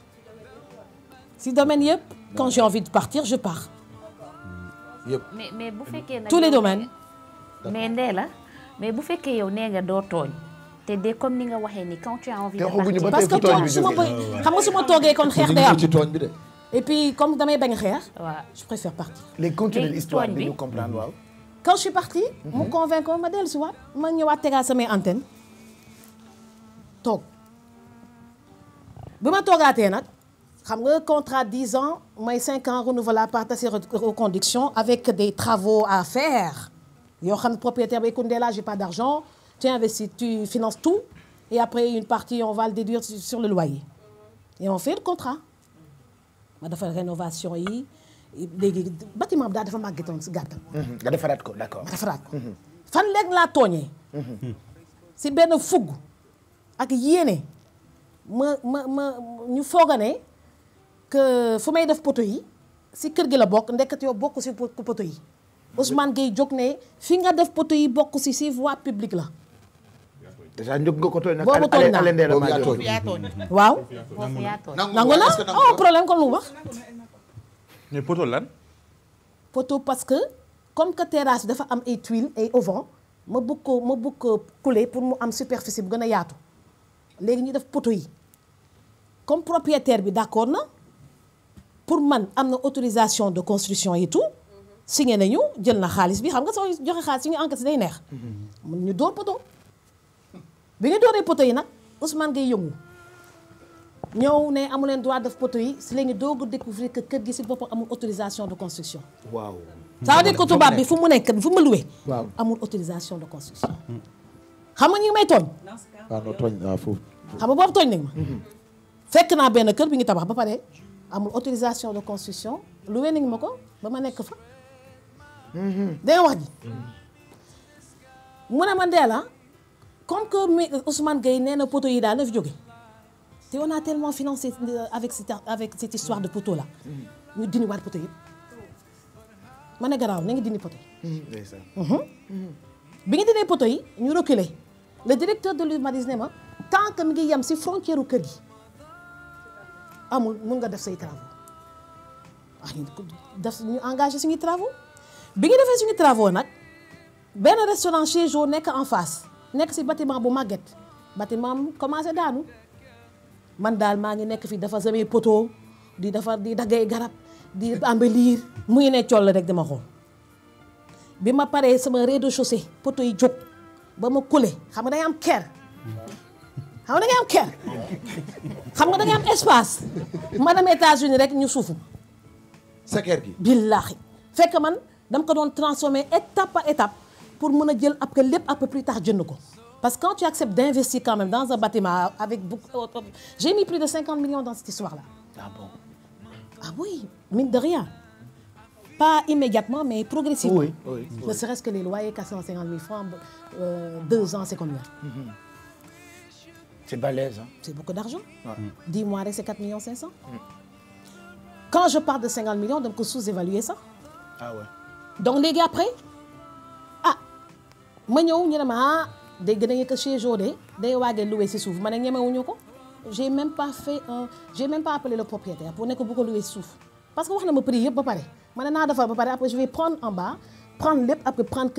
si domaine quand j'ai envie de partir je pars. yëpp mais mais bu fekkee nag tous les domaines. mais ndee la mais bu fekkee yow nee nga doo tooñ. te de comme li nga waxee ni quand tu as envie de partir parce que tooñ su ma ba xam nga su ma toogee kon xeex day am ci tooñ bi de. et puis comme damay bañ xeex. waaw je préfère partir. léegi continuer l'histoire bi ñu comprendre waaw. quand je suis partie. Mhm. mu convaincre ma dellusiwaat ma ñëwaat tegaat samay antenne toog bi ma toogaatee nag xam nga contrat dix ans mooy cinq ans renouvelable par tacite reconduction avec des travaux à faire yoo xam ne propriétaire bi écoute là j'ai pas d'argent tu investis tu finances tout et après une partie on va le déduire sur le loyer et on fait le contrat ma dafa rénovation yi léegi bâtiment bi daal dafa màggetoon si gàttal. Mhm. nga defaraat ko d'accord. defaraat ko mhm. fan léeg laa tooñee. Mhm. si benn fugg ak yéene ma ma ma ñu foog a ne que fu may def poto yi si kër gi la bokk ndeket yow bokk si poto yi Ousmane Gueye jóg ne fi nga def poto yi bokk si si voie publique la. déjà njëkk nga ko tooñ nag. boobu tooñ naa waaw. nangu la oh problème kon lu wax. mais poto lan. poto parce que comme que terrasse bi dafa am ay tuiles ay ma bëgg ko ma bëgg ko couler pour mu am superficie bu gën a yaatu léegi ñu def poto yi comme propriétaire bi d'accord na. pour man am na autorisation de construction et tout signé nañu jël na xaalis bi xam nga soo joxe xaalis yi ñu enquête day neex. mun ñu door poto bi ñu dooree poto yi nag Ousmane Gueye yëngu ñëw ne amu leen droit def poto yi si la ñu doog a découvrir que kër gi si boppam amul autorisation de construction. waaw. ça ko dire tubaab bi fu mu nekk fu mu luwee. waaw amul autorisation de construction. xam nga ñu ngi may tooñ. waaw ah, noo tooñ waaw xam nga boobu tooñ nañ ma. Mhm. fekk naa benn kër bi ngi tabax ba pare. amul autorisation de construction loué nañ ma ko ba ma nekk fa. Mhm. day wax ji. mu man ma Ndella comme que mi Ousmane Gueye nee na poteau yi daal na fi jóge te on a tellement financé euh, avec cette avec cette histoire de poteau la mhm. ñu dindi waat poteau yëpp. ma ne garaaw na nga dindi poteau mhm, yi. bi nga dindee poteau yi ñu reculer le directeur de l'urbanisme ne ma tant que mi ngi yem si frontière u kër gi. amul mun nga def say travaux wax ñu def ñu engagé suñuy travaux bi nga defee suñu travaux nag benn restaurant chez nekk en face nekk si batiment bu màgget bâtiment mu commencé daanu man daal maa ngi nekk fii dafa samay poteau di defar di daggay garab di liir mu ngi ne coll rek dama xool bi ma paree sama rez-de-chaussée yi jóg ba ma kule xam nga day am ker xam nga da am ker xam nga da ngay am espace ma dem États-Unis rek ñu suufu sa kër fekk man dama ko doon transformer étape par étape pour mën a jël après lépp après plus tard jënd ko parce que quand tu acceptes d'investir quand dans un bâtiment avec beaucoup euh, euh, j'ai mis plus de 50 millions dans cette histoire là ah bon ah de rien pas immédiatement mais progressivement oui, oui, oui. ne serait-ce que les loyers 450 000 francs euh, deux ans C'est balèze. Hein. C'est beaucoup d'argent. Ouais. Mm. mois rek c'est 4 millions 500. Mm. Quand de 50 millions, donc on sous-évaluer ça. Ah ouais. Donc léegi après ah ma ñëw ñu ne ma ah dégg nañu que chez Jodé day loué si suuf ma ne ñemewuñu ko j'ai même pas fait un j'ai même pas appelé le propriétaire pour ne ko bu ko loué si suuf parce que wax na ma prix ba pare ma ne naa ba pare après je vais prendre en bas prendre lépp après prendre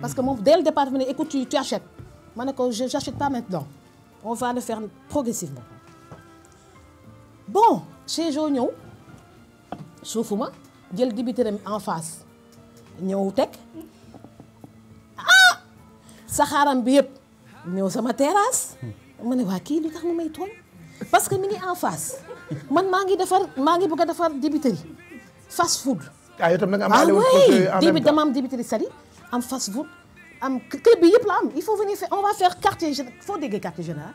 parce que moom dès le départ écoute tu achètes ma on va le faire progressivement bon Chejo ñëw suufuma jël dibiteram en face ñëw teg ah saxaaram bi yëpp ñëw sama terrasse ma ne waa kii lu tax ma may tooñ parce que mi ni en face man maa ngi defar maa ngi bëgg a defar dibiteri fast food. ah yow tam da nga am ah dama am dibiteri sari am fast food. am club bi yëpp la am il faut venir faire on va faire quartier foo déggee quartier général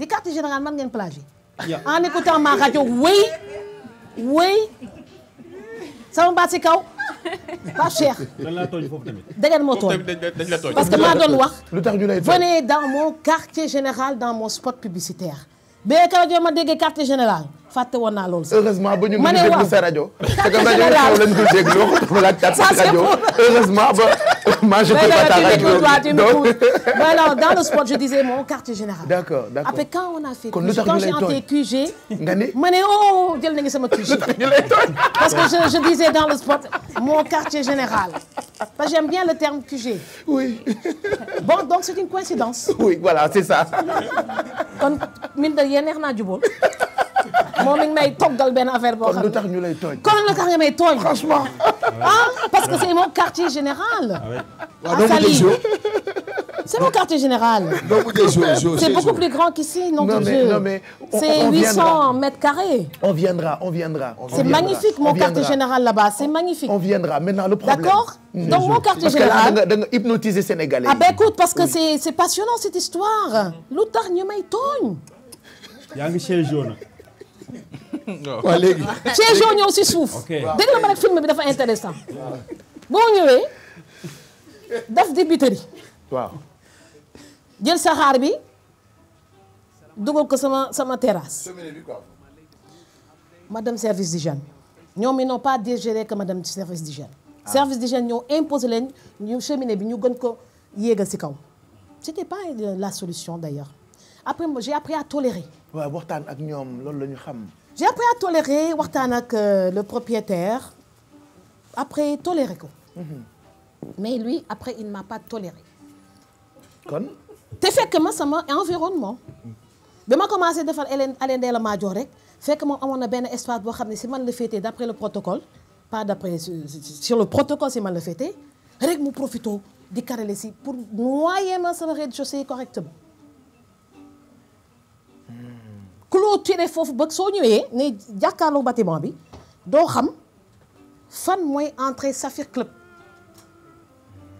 di quartier général man ngeen plage en écoutant ma rajo wéy wéy sama baat si kaw pas cher. lan laa tooñ foofu tamit. da moo tooñ dañ la tooñ wax. lu tax ñu lay tooñ venez dans mon quartier général dans mon spot publicitaire. bee kaw ma déggee quartier général. fàtte woon naa loolu sax heureusement ba ñun ñu déglu sa rajo parce que rajo yow lañ dul déglu waxatuma la carte rajo heureusement ba moi je peux pas ta rajo donc mais alors dans le sport je disais mon quartier général d'accord d'accord après quand on a fait QG quand j'ai entré QG nga ne ma ne oh, oh jël nañu sama QG parce que je je disais dans le sport mon quartier général parce que j'aime bien le terme QG oui bon donc c'est une coïncidence oui voilà c'est ça kon min da yéen neex naa jubóol moom mi ngi may toggal benn affaire boo xam ne kon lu tax ñu lay tooñ. kon lu tax nga may tooñ. franchement. Ah, parce que c'est mon quartier général. Ah waaw doo mujjee jour c'est mon quartier général. doo mujjee jour jour c'est beaucoup plus grand qu'ici mètres carrés. on viendra c'est magnifique mon quartier général là-bas c'est magnifique. Mmh. mon quartier général parce que da nga ah, parce que c'est c'est passionnant cette histoire. lu tax ñu may tooñ. yaa ngi séjour na. waaw léegi. Cheikh Jo ñëw si suuf. dégg la ma rek film bi dafa intéressant boo ñëwee daf di bitari waaw jël saxaar bi dugal ko sama sama terrasse. ma dem service d'hygiène ñoom ils n'ont pas digéré que ma dem ci service d'hygiène. Ah. service d'hygiène ñoo imposé leen ñu cheminée bi ñu gën ko yéegal si kaw. c'était pas la solution d'ailleurs après j'ai appris à tolérer. waaw waxtaan ak ñoom loolu la ñu xam. j'ai appris à tolérer waxtaan ak euh, le propriétaire après toléré ko. Mhm. mais lui après il ne m'a pas toléré. kon. te fekk ma sama environnement. bi ma commencé defar Hélène Hélène Ndéla Madior rek fekk ma amoon na benn espace boo xam ne si man la féetee d'après le protocole pas d'après sur le protocole si man la féetee rek mu profité di carrelé si pour noyer ma sama rez-de-chaussée correctement. mënoo tiré foofu ba soo ñëwee ne jàkkaarloo bâtiment bi doo xam fan mooy entrée Saphir Club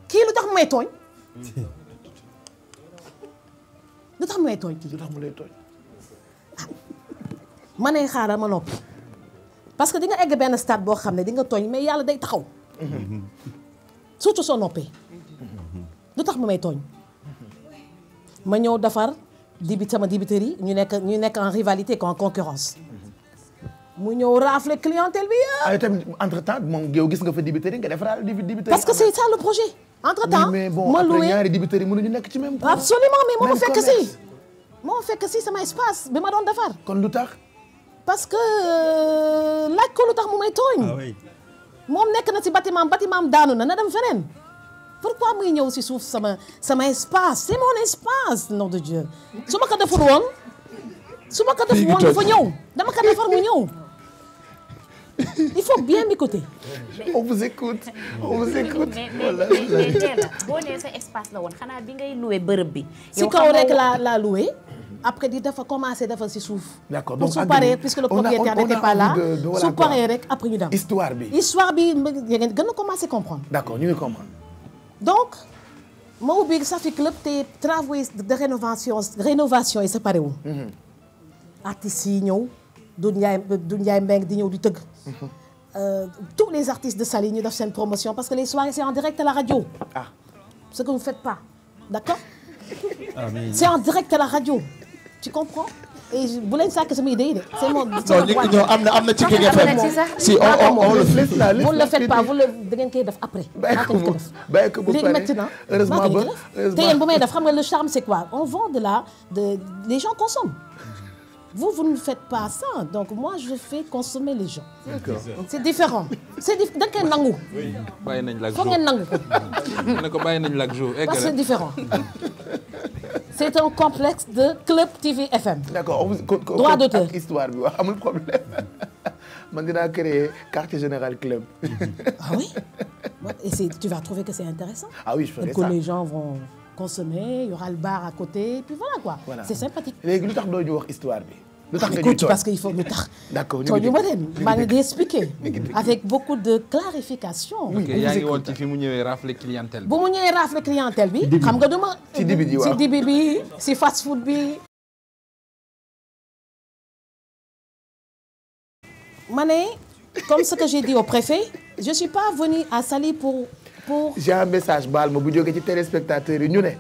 kii lu tax may tooñ. lu tax may tooñ kii. lu tax mu lay tooñ. Ah. ma ne xaaral ma noppi parce que di nga egg benn stade boo xam ne di nga tooñ mais yàlla day taxaw. surtout soo noppee. lu tax mu may tooñ. ma ñëw defar. dibit sama dibiteri ñu nekk ñu nekk en rivalité qu'en concurrence mu ñëw rafle clientèle bi yëpp. ay ah, tamit entre gis nga fa def parce que c'est ça le projet. entre temps ma loué oui mais nekk ci même. absolument mais moo ma fekk si. moo fekk si sama espace bi ma doon defar. kon lu tax. parce que euh, laaj ko lu tax mu may tooñ. Ah moom nekk na si bâtiment bâtiment daanu na na dem feneen. pourquoi muy ñëw si suuf sama sama espace c'est mon espace nom de Dieu su ma ko deful woon su ma ko i woon dafa ñëw dama ko defar mu ñëw il faut bien m'écouter. on vous écoute on vous écoute. voilà sa espace la woon xanaa bi ngay loué bërëb bi. si kaw rek la la loué. après di dafa commencé dafa si suuf. d'accord donc su paree puisque le propriétaire n'était pas là su paree rek après ñu donc ma ubbi Safi Club te travaux de rénovation rénovation yi séparé wu. Mhm. artistes yi ñëw du Ndiaye du Ndiaye Mbengue di ñëw di tëgg. Mhm. Euh, tous les artistes de Saly ñu def seen promotion parce que les soirées c'est en direct à la radio. ah ce que vous faites pas d'accord. Ah, c'est en direct à la radio tu comprends. bu leen sàkk sama idée yi de. c'est mon am na am na ci King si on on le fait là vous le def après. bàyyi ko def xam nga le charme c'est quoi on vend de la de les gens consomment. Vous, vous ne faites pas ça. Donc moi, je fais consommer les gens. C'est différent. C'est dif... da ngeen nangu. bàyyi nañ la ak jour foog ngeen nangu ko. ne ko bàyyi nañ la ak jour. parce que c'est différent. c'est un complexe de Club TV FM. d'accord droit d'auteur ak histoire bi wax amul problème. man dinaa créer quartier général club. ah oui et c'est tu vas trouver que c'est intéressant. ah oui je ferai ça. que les gens consommer il y a le bar à côté et puis voilà quoi. Voilà. c'est sympathique. léegi lu tax doo ñu wax histoire bi. lu tax nga ñuy parce que il faut lu tax. d'accord ñu ngi ma dem maa ngi di avec beaucoup de clarification. ok yaa ngi woon ci fi mu rafle clientèle bi. bu mu rafle clientèle bi. xam nga comme ce que j'ai dit au préfet je suis pas venue à Saly pour. pour. j'ai un message baal ma bu jógee ci téléspectateurs yi ñu ne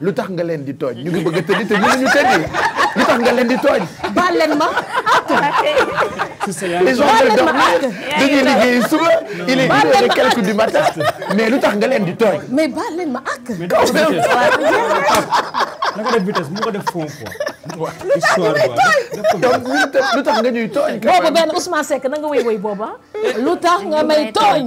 lu tax nga leen di tooñ ñu ngi bëgg a tëddi te ñu ngi ñu tëddi lu tax nga leen di tooñ. baal leen ma les gens veulent dormir dañuy liggéey suba il est une mais lu tax nga leen di tooñ. mais baal leen ma ak. quand même na ko ko def fond quoi. lu tax nga ñuy tooñ donc ah? lu tax nga ñuy na nga woy tooñ.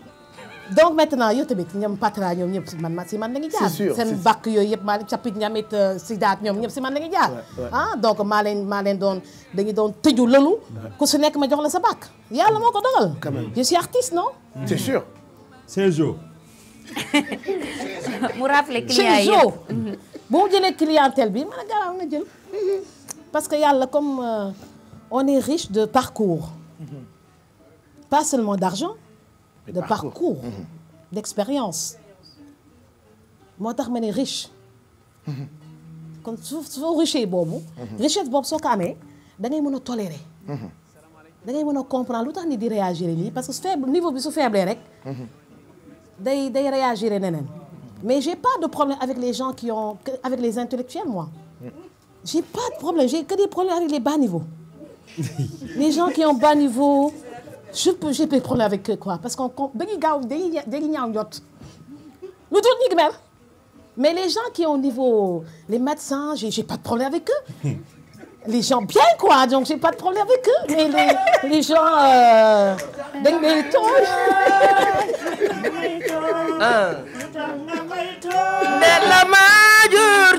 donc maintenant yow tamit ñoom patra ñoom ñëpp si man si man la ñu jaar seen bakk yooyu yëpp maa leen capit euh, si daat ñoom ñëpp si man la ñu jaar ah donc maa leen maa leen doon dañu doon tëju lëlu ku su nekk ma jox la sa bakk yàlla moo ko dogal je suis artiste non mm-hmm. c'est sûr c'est jour mu rafle client yi jour bu mu jëlee clientèle bi man a garaaw na jël parce que yàlla comme euh, on est riche de parcours mm-hmm. pas seulement d'argent de parcours d'expérience moo tax ma ne riche kon su soo riche boobu richesse boobu soo ko amee da ngay mën a tolérer da ngay mën a comprendre lu tax nit di réagir lii parce que faible niveau bi su faible rek day day réagir neneen mais j'ai pas de problème avec les gens qui ont avec les intellectuels moi j'ai pas de problème j'ai que des problèmes avec les bas niveaux les gens qui ont bas je peux j'ai des problèmes avec eux quoi parce qu'on dañuy gaaw dañuy dañuy ñaaw njot lu tuut ñi mais les gens qui sont au niveau les médecins j'ai j'ai pas de problème avec eux les gens bien quoi pas de problème avec eux mais les gens euh, dañ may tooñ ne ah. la ma jur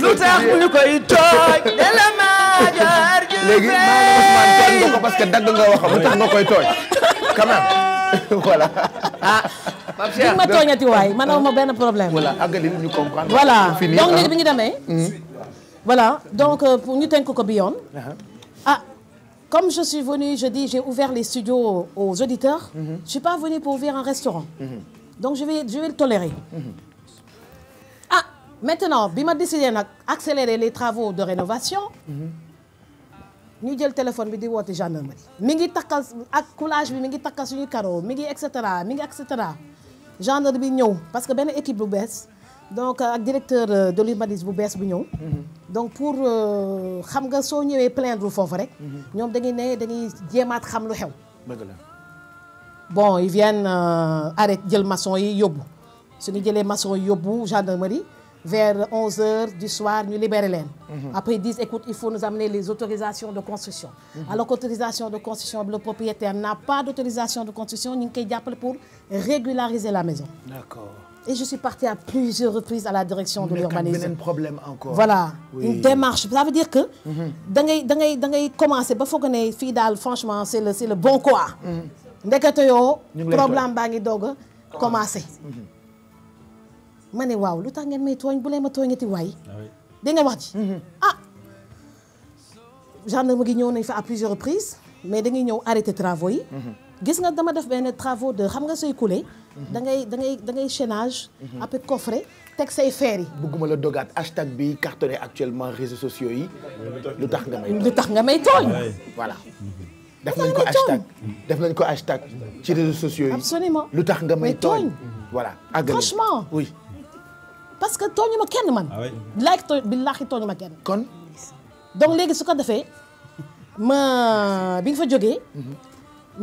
lu tax ñu koy tooñ. de la maajoor ju fey léegi Ousmane tooñ nga ko parce que dagg nga waxam lu tax nga koy tooñ. quand même voilà. ah. Pape Cheikh bi ma tooñati waay man aw ma benn problème. voilà àggali ñu comprendre. voilà donc léegi bi ñu demee. Hmm. voilà donc euh, pour ñu tënk ko bi yoon. Uh-huh. ah comme je suis venue je dis j'ai ouvert les studios aux auditeurs. Mm-hmm. je suis pas venue pour ouvrir un restaurant. Mm-hmm. donc je vais je vais le tolérer. Mm-hmm. maintenant bi ma décidé nag accélérer les travaux de rénovation. ñu jël téléphone bi di woote gendarmerie. mi ngi takkal ak coulage bi mi ngi takkal suñu carreau mi ngi et cetera mi ngi ak cetera gendarme bi ñëw parce que benn équipe bu bees donc ak directeur euh, de l'urbanisme bu bees bu ñëw. donc pour euh, xam nga soo ñëwee plaindre foofu rek. ñoom dañuy ne dañuy jéemaat xam lu xew. dëgg la bon ils viennent euh, arrêté jël maçon yi yóbbu. su suñu jëlee maçon yóbbu gendarmerie. vers 11 heures du soir ñu libéré leen. Mhm. après ils disent écoute il faut nous amener les autorisations de construction. Mhm. alors qu'autorisation de construction propriétaire n'a pas d'autorisation de construction ñu ngi koy jàppale pour régulariser la maison. d'accord. et je suis partie à plusieurs reprises à la direction de l'urbanisme beneen problème encore. voilà oui. une démarche ça veut dire que. Mhm. da ngay da ngay da ngay commencer ba foog ne fii daal franchement c'est le c'est le bon quoi. ndekete yoo. problème baa ngi doog a ma ne waaw lu tax ngeen may tooñ bu leen ma tooñati waay. dégg nga wax ji. Mhm. ah gendarme gi ñëw nañ fa à plusieurs reprises mais da ngay ñëw arrêté travaux yi. Mhm. gis nga dama def benn travaux de xam nga sooy coulé. Mhm. da ngay da ngay da ngay chaînage. après coffret teg say fer yi. bëgguma la dogat hashtag bi cartonné actuellement réseaux sociaux yi. lu tax nga may tooñ tax nga may tooñ. def nañ ko hashtag def nañ ko hashtag ci réseaux sociaux yi. absolument lu tax nga may tooñ. voilà àggale franchement parce que tooñu ma kenn man. Ah laaj tooñ billaahi tooñu ma kenn. kon donc léegi su ko defee ma bi nga fa jógee.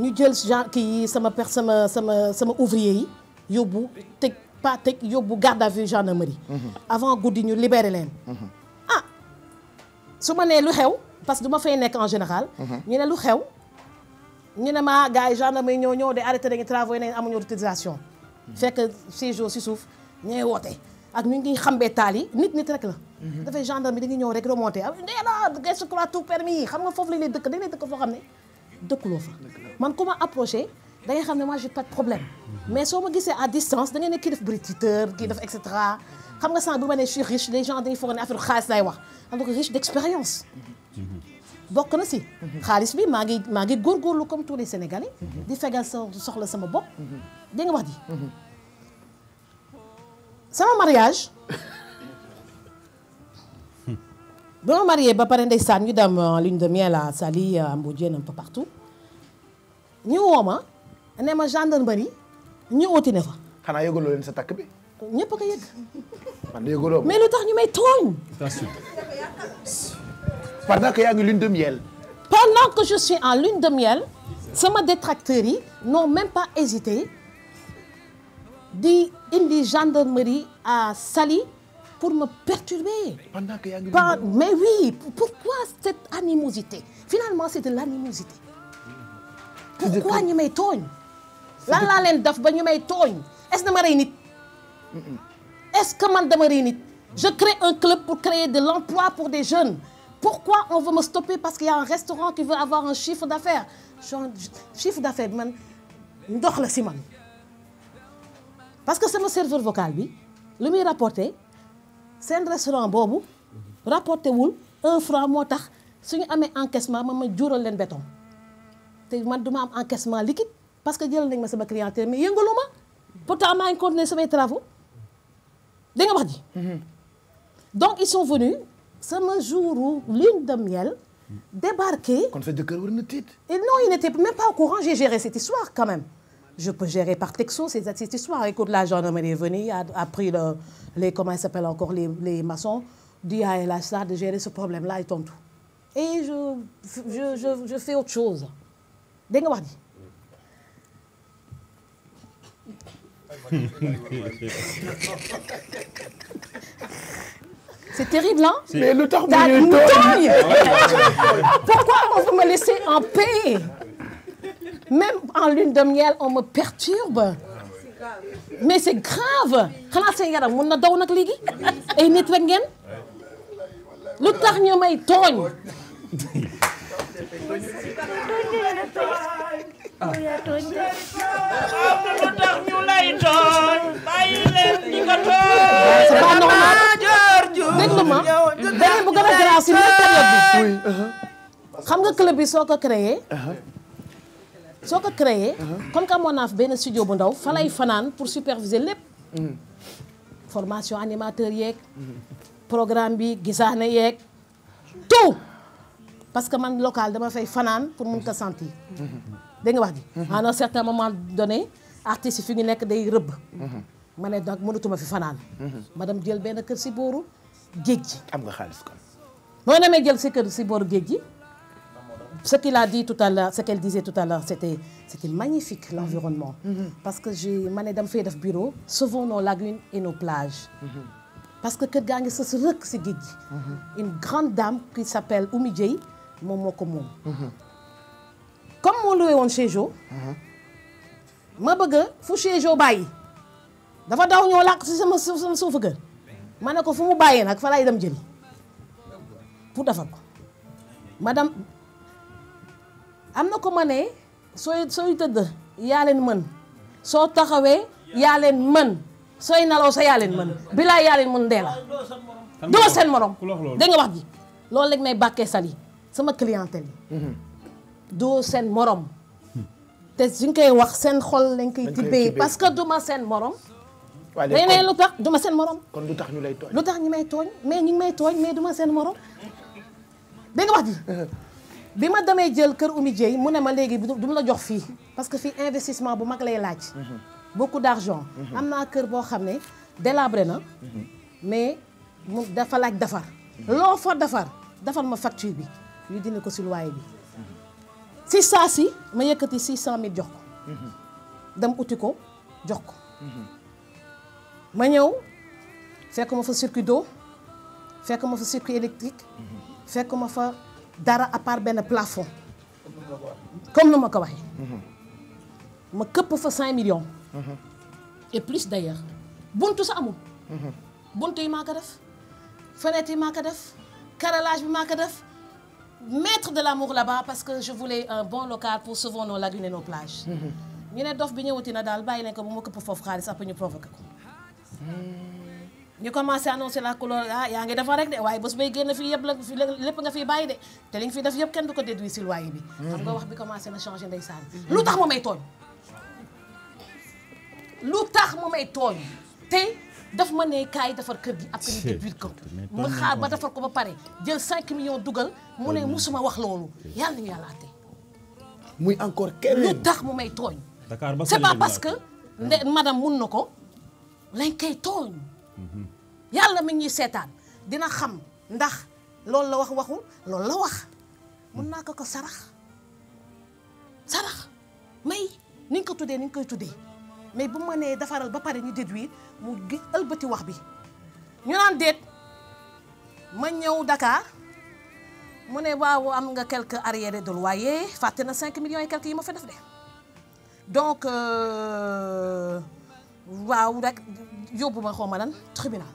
ñu jël genre kii sama per sama sama sama ouvrier yi yóbbu teg pas teg yóbbu garde à vue gendarmerie. avant guddi ñu libéré leen. ah nee lu xew parce que du fay nekk en ñu ne lu xew ñu ne ma gars yi gendarmerie ñoo ñëw de arrêté dañuy travaux nañ amuñu autorisation. fekk six si suuf ñooy woote. ak ñu ngi xambee taal yi nit nit rek la dafay gendarme bi da ngi ñëw rek remonté a ah, deela gestu croit tout permis xam nga foofu lañ lay dëkk dañ lay dëkk foo xam ne dëkkuloo fa man ku ma approché da xam ne moi j'ai pas de problème mais soo ma gisee à distance da ngay ne kii def brititeur kii def et cetera xam nga sànq bi ma ne je suis riche les gens dañuy foog ne affaire xaalis lay wax alors que riche d'expérience bokk na si xaalis bi maa ngi maa ngi góorgóorlu comme tous les Sénégalais mhm. di fegal sa soxla sama bopp mhm. dégg nga wax ji mhm. sama mariage ba ma ba pare ndeysaan ñu dem euh, lune de miel à Saly euh, à Mbodiène un peu partout ma ne ma gendarmerie ñu oti ne fa. xanaa yëgaloo sa takk bi. ñëpp a ko yëg. man de mais lu tax ñu may tooñ. pendant que yaa ngi lune de miel. pendant que je suis en lune de miel sama détracteurs yi n'ont même pas hésité. di indi gendarmerie à Saly pour me perturber. pendant que yaa mais oui pourquoi cette animosité finalement c'est de l'animosité. pourquoi ñu may tooñ. lan laa leen def ba ñu may tooñ est-ce que dama est-ce que man dama rey nit. je crée un club pour créer de l'emploi pour des jeunes. pourquoi on veut me stopper parce qu'il y a un restaurant qui veut avoir un chiffre d'affaires man ndox la si man. parce que sama serveur vocal bi lu muy rapporté seen restaurant boobu rapporté wul un franc moo tax suñu amee encaissement ma ma juural leen béton te man duma am encaissement liquide parce que jël nañ ma sama clientèle mais yëngalu ma pourtant maa ngi continuer samay travaux da nga wax ji mhm. donc ils sont venus sama jouru lune de miel débarqué kon sa jëkkër war na pas au courant géré cette histoire quand même je peux gérer par texto ces cette histoire. Écoute, la gendarmerie est venue, a, a les, comment ils s'appellent encore, les, de gérer ce problème-là et Et je, fais autre chose. Dengawardi. C'est terrible, hein Pourquoi on veut me laisser en paix même en lune de miel on me perturbe ah, mais c'est grave xanaa seen yaram mun na daw nag léegi ay nit rek ngeen lu tax ñu may tooñ lu tax ah. ñu lay tooñ bàyyi leen ñi ko tooñ c'est pas normal déglu ma beneen bu gën a grave si même bi uh-huh. xam nga soo ko créé uh-huh. soo ko créé. comme que amoon naa benn studio bu ndaw fa lay fanaan pour superviser lépp. formation animateur yeeg. programme bi gisaane yeeg. tout parce que man local dama fay fanaan pour mun ko sentir. dégg nga wax ji. à un certain moment donné artistes fi ñu nekk day rëbb. ma ne donc mënatuma fi fanaan. ma dem jël benn kër si booru géej gi. am nga xaalis kon. moo demee jël si kër si booru géej gi. ce qu'il a dit tout à l'heure ce qu'elle disait tout à c'était c'était magnifique l'environnement mm -hmm. parce que j'ai ma ne dama fay def bureau sauvons nos lagunes et nos plages mm -hmm. parce que kër gaa ngi sës rëkk si géej gi mm-hmm. une grande dame qui s'appelle Oumi Dieye moom moo ko moom mm-hmm. comme moo loué woon chez Jo ma bëgg fu chez Jo bàyyi dafa daw ñoo si sama sama suufu kër ma ne ko fu mu bàyyee nag fa laay dem jëli am na ko ma ne sooy sooy tëdd yaa leen mën soo taxawee yaa leen mën sooy naloo sa yaa leen mën bilaay yaa leen mën dee la doo seen morom da nga wax ji loolu léegi may bàkkee sali sama clientèle yi mhm. doo seen morom te suñ koy wax seen xol lañ koy tibbee parce que duma seen morom waaw léegi lu tax duma seen morom. kon lu tax ñu lay tooñ. lu tax ñu may tooñ mais ñu may tooñ mais duma seen morom dégg wax ji. Mhm. bi ma demee jël kër Oumy Dieye mu ne ma léegi du ma la jox fii parce que fii investissement bu mag lay laaj mhm. beaucoup d'argent mhm. am naa kër boo xam ne délabré na mhm. mais mu dafa laaj defar loo fa defar defar ma facture bi ñu dindi ko si loyer bi si saa si ma yëkkati six cent mille jox ko dem uti ko jox ko ma ñëw fekk ma fa circuit d'eau fekk ma fa circuit électrique fekk ma fa dara à part benn plafond comme nu ma ko waxee ma këpp fa cinq millions et plus d'ailleurs buntu sa amul buntu yi maa ko def fenêtre yi maa ko def carrelage bi maa ko def mettre de l'amour la bas parce que je voulais un bon local pour sauver nos lagunes et nos mhm. ñu ne dof bi ñëwati na daal bàyyi leen ko bu ma këpp foofu xaalis après ñu provoqué ko hmm. ñu commencé annoncé la couleur ah, yaa ngi defar rek de waaye bés bay génn fii yëpp la lépp nga fiy bàyyi de te li nga fiy def yëpp kenn du ko déduit si loyer bi xam nga wax bi commencé lu tax mu may tooñ lu tax mu may tooñ tey daf ma ne kaay defar kër gi après ñu xaar ba defar ko ba pare jël 5 millions dugal mu ne musuma wax loolu yàlla nañu yàlla àtte muy encore keneen lu tax mu may tooñ c'est pas parce que nde mun na ko lañ koy tooñ mhm. yàlla mi ngi seetaan dina xam ndax loolu la wax waxul loolu la wax mun naa ko ko sarax sarax may ni ko tuddee ni koy tuddee mais bu ma nee defaral ba pare ñu déduire mu gi ëlbati wax bi ñu naan déet ma ñëw dakaar mu ne waaw am nga quelque arriérés de loyer fàtte na 5 millions et quelques ma fa def donc euh, waaw rek yóbbu ma xaw ma lan tribunal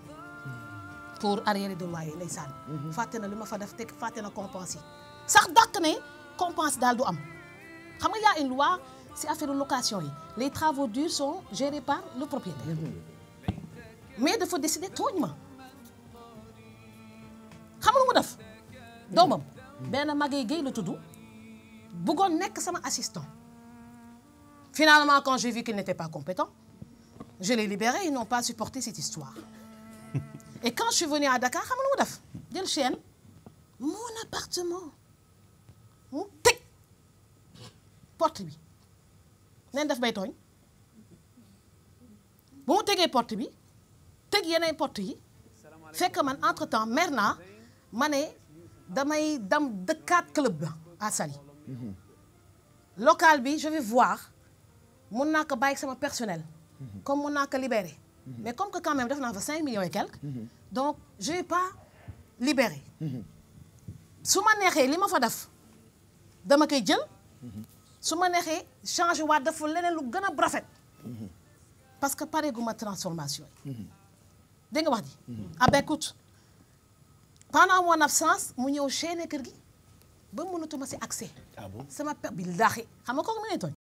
pour arriéré de loyer ndeysaan mhm. fàtte na li ma fa def te fàtte na compense yi sax dàq ne compense daal du am xam nga yaa une loi si affaire location yi les travaux durs sont gérés par le propriétaire mhm. mais dafa décider tooñ ma xam lu mu def doomam mhm. benn Maguette Gueye la tudd bëggoon nekk sama assistant finalement quand j'ai vu qu'il n'était pas compétent je l'ai libéré ils n'ont pas supporté cette histoire et quand je suis venue à Dakar xam nga mu def jël chaîne mon appartement mu tëj porte bi neen def bay tooñ bu mu tegee porte bi tëj yeneen porte yi fekk man entre temps mer naa ma ne damay dam dëkkaat club ba à Saly mhm. local bi je vais voir mun naa ko bàyyi sama personnel mhm. comme mun naa ko libérer mhm. mais comme que quand même def naa fa cinq millions et quelques donc j'ai pas libéré su ma neexee li ma fa def dama koy jël su ma neexee changé waat dafa leneen lu gën a rafet parce que pare gu ma transformation yi dégg wax ji Abbé ah, Cout pendant mon absence mu ñëw chaîne kër gi ba mënatuma si accès ah sama per bi laaxi xam nga kooku mu ne tooñ